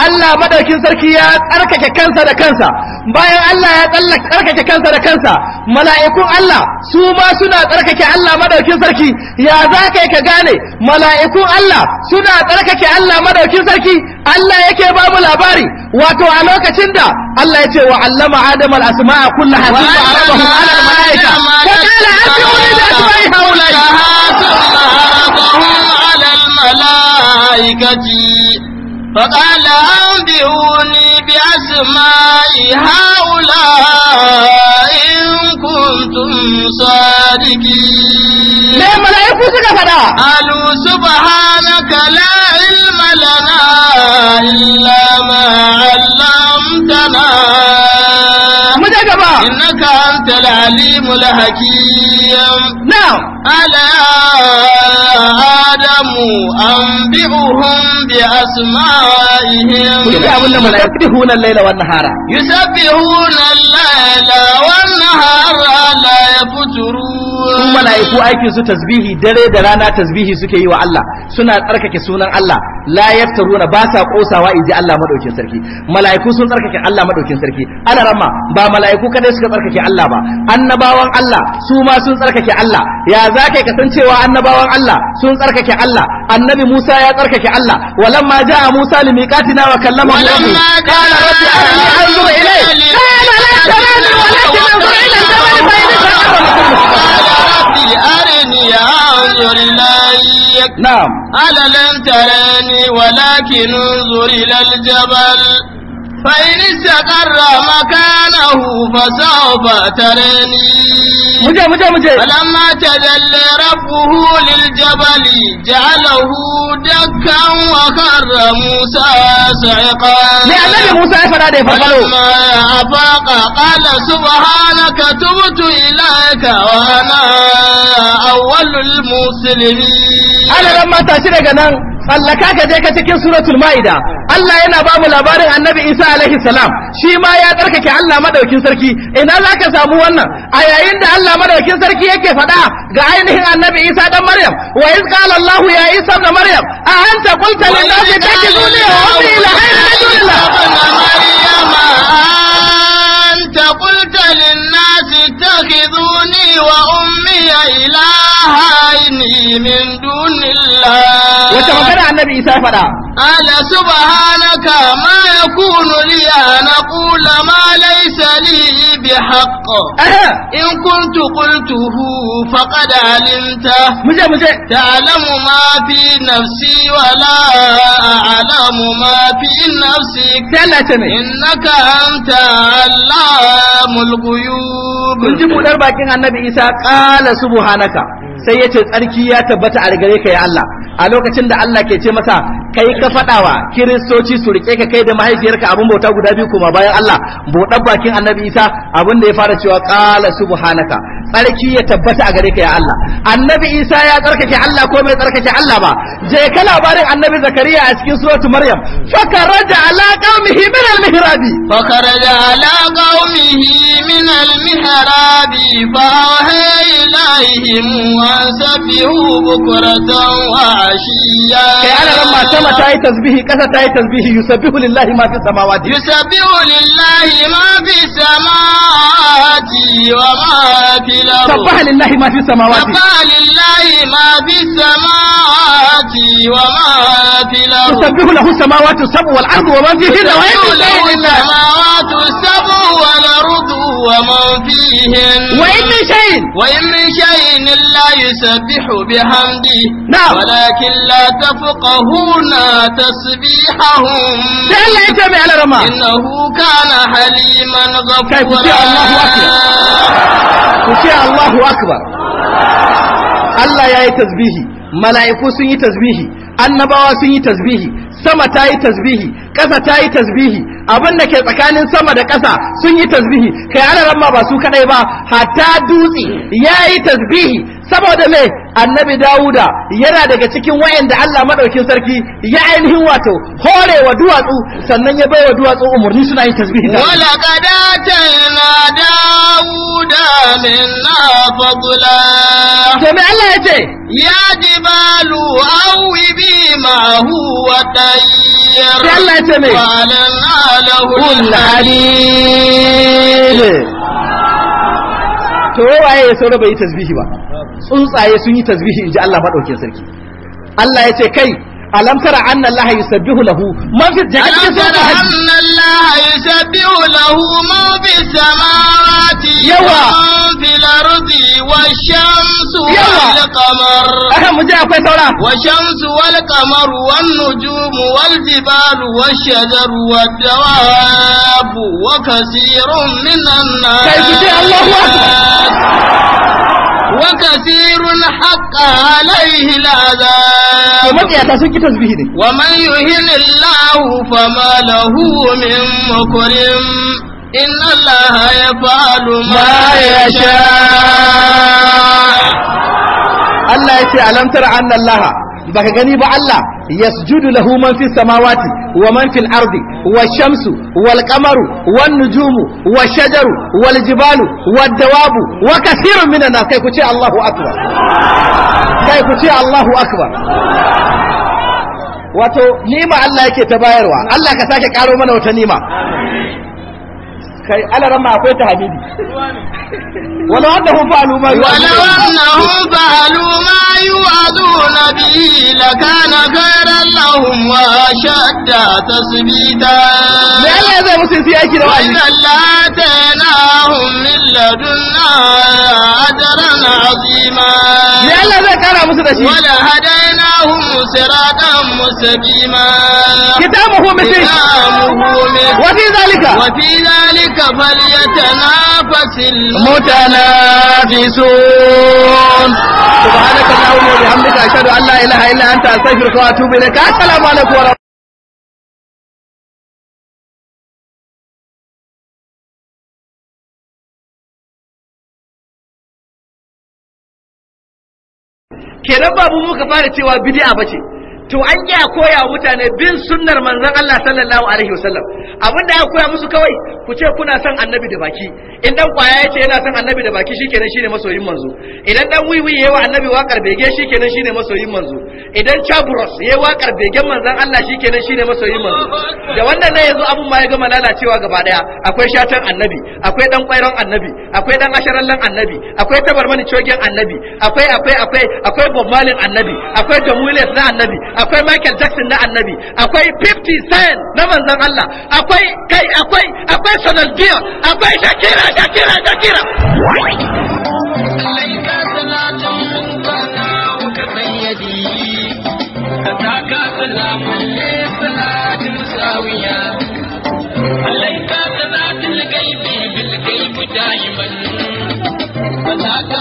Allah madaukin sarki ya tsarkake kansa da kansa bayan Allah ya tsarkake kansa da kansa mala'ikun Allah su ma suna tsarkake Allah madaukin sarki ya za ka ka gane mala'ikun Allah suna tsarkake Allah madaukin sarki Allah yake babu labari wato a lokacin da Allah ya ce wa allama آدم الأسماء كلها ثم عرضهم على الملائكة فقال أتوني بأسماء هؤلاء على الملائكة فقال أنبئوني بأسماء هؤلاء إن كنتم صادقين قالوا سبحانك لا علم لنا إلا ما علمتنا anta alimul hakim now ala adamu anbi'uhum bi asma'ihim kudi abunda mala yusabbihuna al-laila wan nahara yusabbihuna al-laila wan nahara la yafturu su mala'iku aikin su tasbihi dare da rana tasbihi suke yi wa Allah suna tsarkake sunan Allah la yaftaruna ba sa kosawa inji Allah madaukin sarki mala'iku sun tsarkake Allah madaukin sarki ana rama ba mala'iku kadai suka tsarkake Allah ba annabawan Allah su ma sun tsarkake Allah ya za ka san cewa annabawan Allah sun tsarkake Allah annabi Musa ya tsarkake Allah walamma ja'a Musa limiqatina wa kallama Allah qala rabbi arini anzur ilayk قال لا تراني ولكن انظر الى الجبل فان استقر rabbi arini anzur ilayk na'am ala lan tarani walakin unzur ila al-jabal فإن استقر مكانه فسوف ترني مجا مجا مجا فلما تجلى ربه للجبل جعله دكا وخر موسى صعقا لأن موسى فنادى فلما أفاق قال سبحانك تبت إليك وأنا awwalul muslimin ana ran tashi daga nan tsallaka ka je ka cikin suratul ma'ida Allah yana ba mu labarin annabi Isa alaihi salam shi ma ya tsarkake Allah madaukin sarki ina za ka samu wannan a yayin da Allah madaukin sarki yake faɗa ga ainihin annabi Isa dan Maryam wa iz qala Allah ya Isa Maryam a anta qulta lin nasi takiduni wa ummi ila anta qulta lin nasi takiduni wa ilahaini min dunillah wata magana annabi isa faɗa ala subhanaka ma yakunu li an aqula ma بالحق إن كنت قلته فقد علمته تعلم ما في نفسي ولا أعلم ما في نفسك إنك أنت علام الغيوب kun ji buɗar bakin annabi isa ƙala subhanaka sai ya ce tsarki ya tabbata a gare ka ya Allah a lokacin da Allah ke ce masa kai ka fadawa kiristoci su rike ka kai da mahaifiyarka abin bauta guda biyu kuma bayan Allah bude bakin annabi Isa abin da ya fara cewa qala subhanaka tsarki ya tabbata a gare ka ya Allah annabi Isa ya tsarkake Allah ko bai tsarkake Allah ba je ka labarin annabi Zakariya a cikin suratu Maryam karaja ala qaumihi min al-mihrabi karaja ala qaumihi min al-mihrabi fa wa فسبحوا بكرة وعشيا كي أنا لما سما تاي تسبيح كذا تاي تسبيح يسبح لله ما في السماوات يسبح لله ما في السماوات وما في الأرض سبح لله ما في السماوات سبح لله ما في السماوات وما في الأرض تسبح له السماوات السبع والأرض وما فيهن وإن له السماوات السبع والأرض ومن فيهن وإن من شيء وإن من شيء إلا يسبح بحمدي نعم ولكن لا تفقهون تسبيحهم إنه كان حليما غفورا الله أكبر الله أكبر Allah ya yi tasbihi mala'iku تسبيحي yi tasbihi annabawa sun yi tasbihi sama ta yi tasbihi ƙasa ta yi tasbihi abin da ke tsakanin sama da ƙasa sun yi tasbihi kai ana ramma ba su kadai ba hatta dutse ya yi tasbihi saboda me annabi dawuda yana daga cikin wayanda Allah madaukin sarki ya ainihin wato hore wa duwatsu sannan ya bai wa duwatsu umarni suna yin tasbihi wala qadata na dawuda minna fadla to me Allah ya ce ya jibalu awi bi ma huwa tayyir Allah ya ce me walanna lahu al to waye ya saura bai tasbihi ba tsuntsaye sun yi tasbihi inji Allah madaukin sarki Allah ya ce kai alam tara anna Allah yusabbihu lahu man fi jannati anna Allah yusabbihu lahu man fi samawati yawa fil ardi wash-shamsu wal-qamar aha mu je akwai saura wash-shamsu wal-qamar wan-nujumu wal-jibalu wash-shajaru wad-dawabu wa kaseerun minan nas kai ji Allahu akbar وكثير حق عليه العذاب ومن يهن الله فما له من مكرم إن الله يفعل ما يشاء الله يتي ألم تر أن الله baka gani ba Allah yasjudu lahu man fis samawati wa man fil ardi Wa shamsu wal-qamaru wan-nujumu wa shajaru wal-jibalu wad-dawabu wa kathirun minan nas kai ku ce Allahu akbar kai ku ce Allahu akbar wato nima Allah yake ta bayarwa Allah ka sake karo mana wata nima kai alarama akwai ta habibi walau annahum fa'alu ma walau annahum fa'alu ma يوعدون به لكان خيرا لهم وأشد تثبيتا وإذا لآتيناهم من لدنا أجرا عظيما ولهديناهم صراطا مستقيما كتابه مثل وفي ذلك وفي ذلك فليتنافس المتنافسون سبحانك اللهم اللهم وبحمدك أشهد أن لا إله إلا أنت أستغفرك وأتوب إليك السلام عليكم ورحمة kenan babu muka fara cewa bid'a bace to an ya koya mutane bin sunnar manzon Allah sallallahu alaihi wasallam abinda ya koya musu kawai ku ce kuna son annabi da baki in dan kwaya yace yana son annabi da baki shikenan shine masoyin manzo idan dan wiwi yayi wa annabi wakar bege shikenan shine masoyin manzo idan chabros yayi wakar begen manzon Allah shikenan shine masoyin manzo da wannan ne yanzu abun ma ya gama lalacewa gaba daya akwai shatan annabi akwai dan kwairon annabi akwai dan asharallan annabi akwai tabarmani cogen annabi akwai akwai akwai akwai bob malin annabi akwai jamulis na annabi akwai michael jackson na annabi akwai 50 cent na manzon Allah akwai kai akwai akwai sonal akwai shakira ka kira ka kira. Allah ka salamu alaihi salatu jariya. Allah ka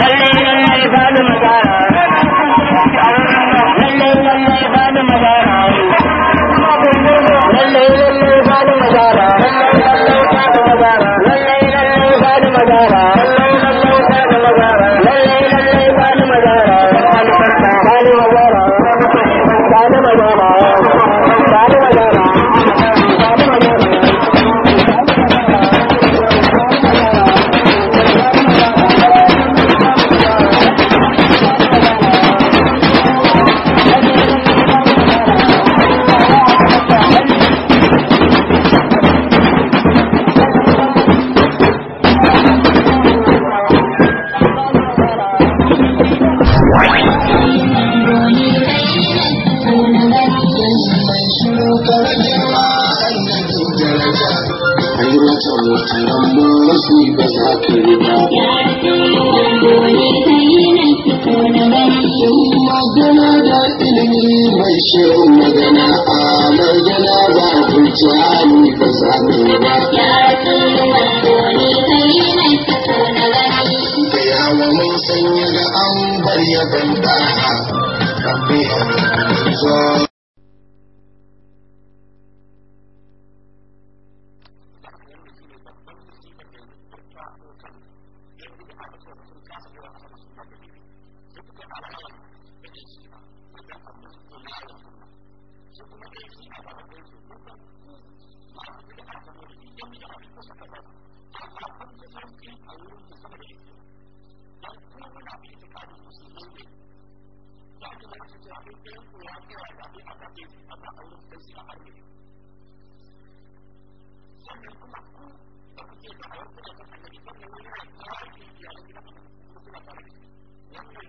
Hey!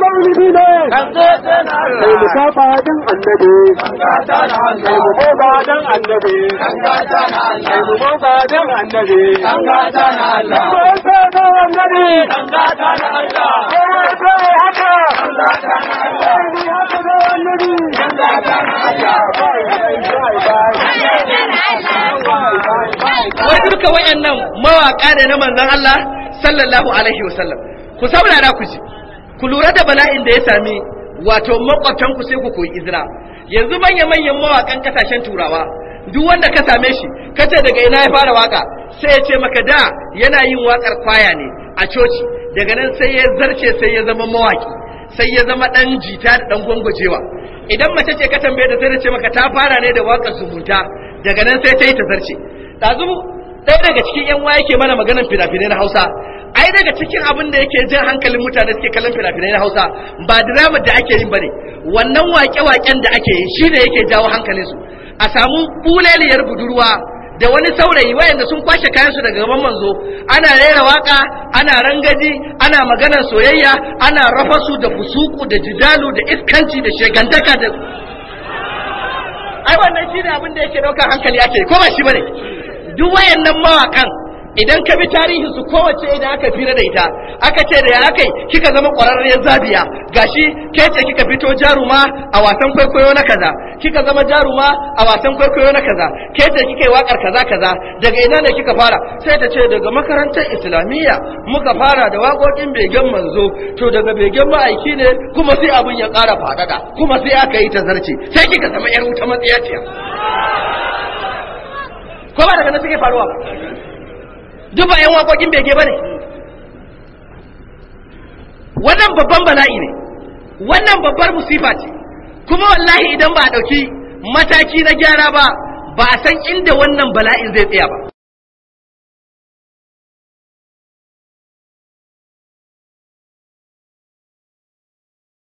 maulidi duka wayannan mawaƙa da na Allah sallallahu alaihi wasallam ku ji ku lura da bala'in da ya sami wato makwabtanku sai ku koyi izra yanzu manya-manyan mawakan kasashen turawa duk wanda ka same shi ka ce daga ina ya fara waka sai ya ce maka da yana yin wakar kwaya ne a coci daga nan sai ya zarce sai ya zama mawaki sai ya zama dan jita da dan gwangwajewa idan mace ce ka tambaye da sai ta ce maka ta fara ne da wakar zumunta daga nan sai ta yi ta zarce ɗazu ɗaya daga cikin yan waya ke mana maganar fina-finai na hausa ai daga cikin abin da yake jan hankalin mutane suke kallon fina-finai na hausa ba drama da ake yin bane wannan wake-waken da ake yi shine yake jawo hankalin su, a samu kulaliyar budurwa da wani saurayi wayanda sun kwashe kayansu daga gaban manzo ana rera waka ana rangaji ana maganar soyayya ana rafasu da fusuku da jidalu da iskanci da shegantaka da ai wannan shi ne abin da yake daukar hankali ake ko ba shi bane duk wayannan mawakan idan ka bi tarihi su kowace idan aka fira da ita aka ce da ya akai kika zama kwararriyar zabiya gashi ke ce kika fito jaruma a wasan kwaikwayo na kaza kika zama jaruma a wasan kwaikwayo na kaza ke ce kika yi wakar kaza kaza daga ina ne kika fara sai ta ce daga makarantar islamiyya muka fara da wakokin begen manzo to daga begen ma'aiki ne kuma sai abin ya kara faɗaɗa kuma sai aka yi ta sai kika zama yar wuta matsiyaciya ko ba daga nan suke faruwa ba duk bayan yan waƙoƙin bege ba ne wannan babban bala'i ne wannan babbar musifa ce kuma wallahi idan ba a ɗauki mataki na gyara ba ba a san inda wannan bala'in zai tsaya ba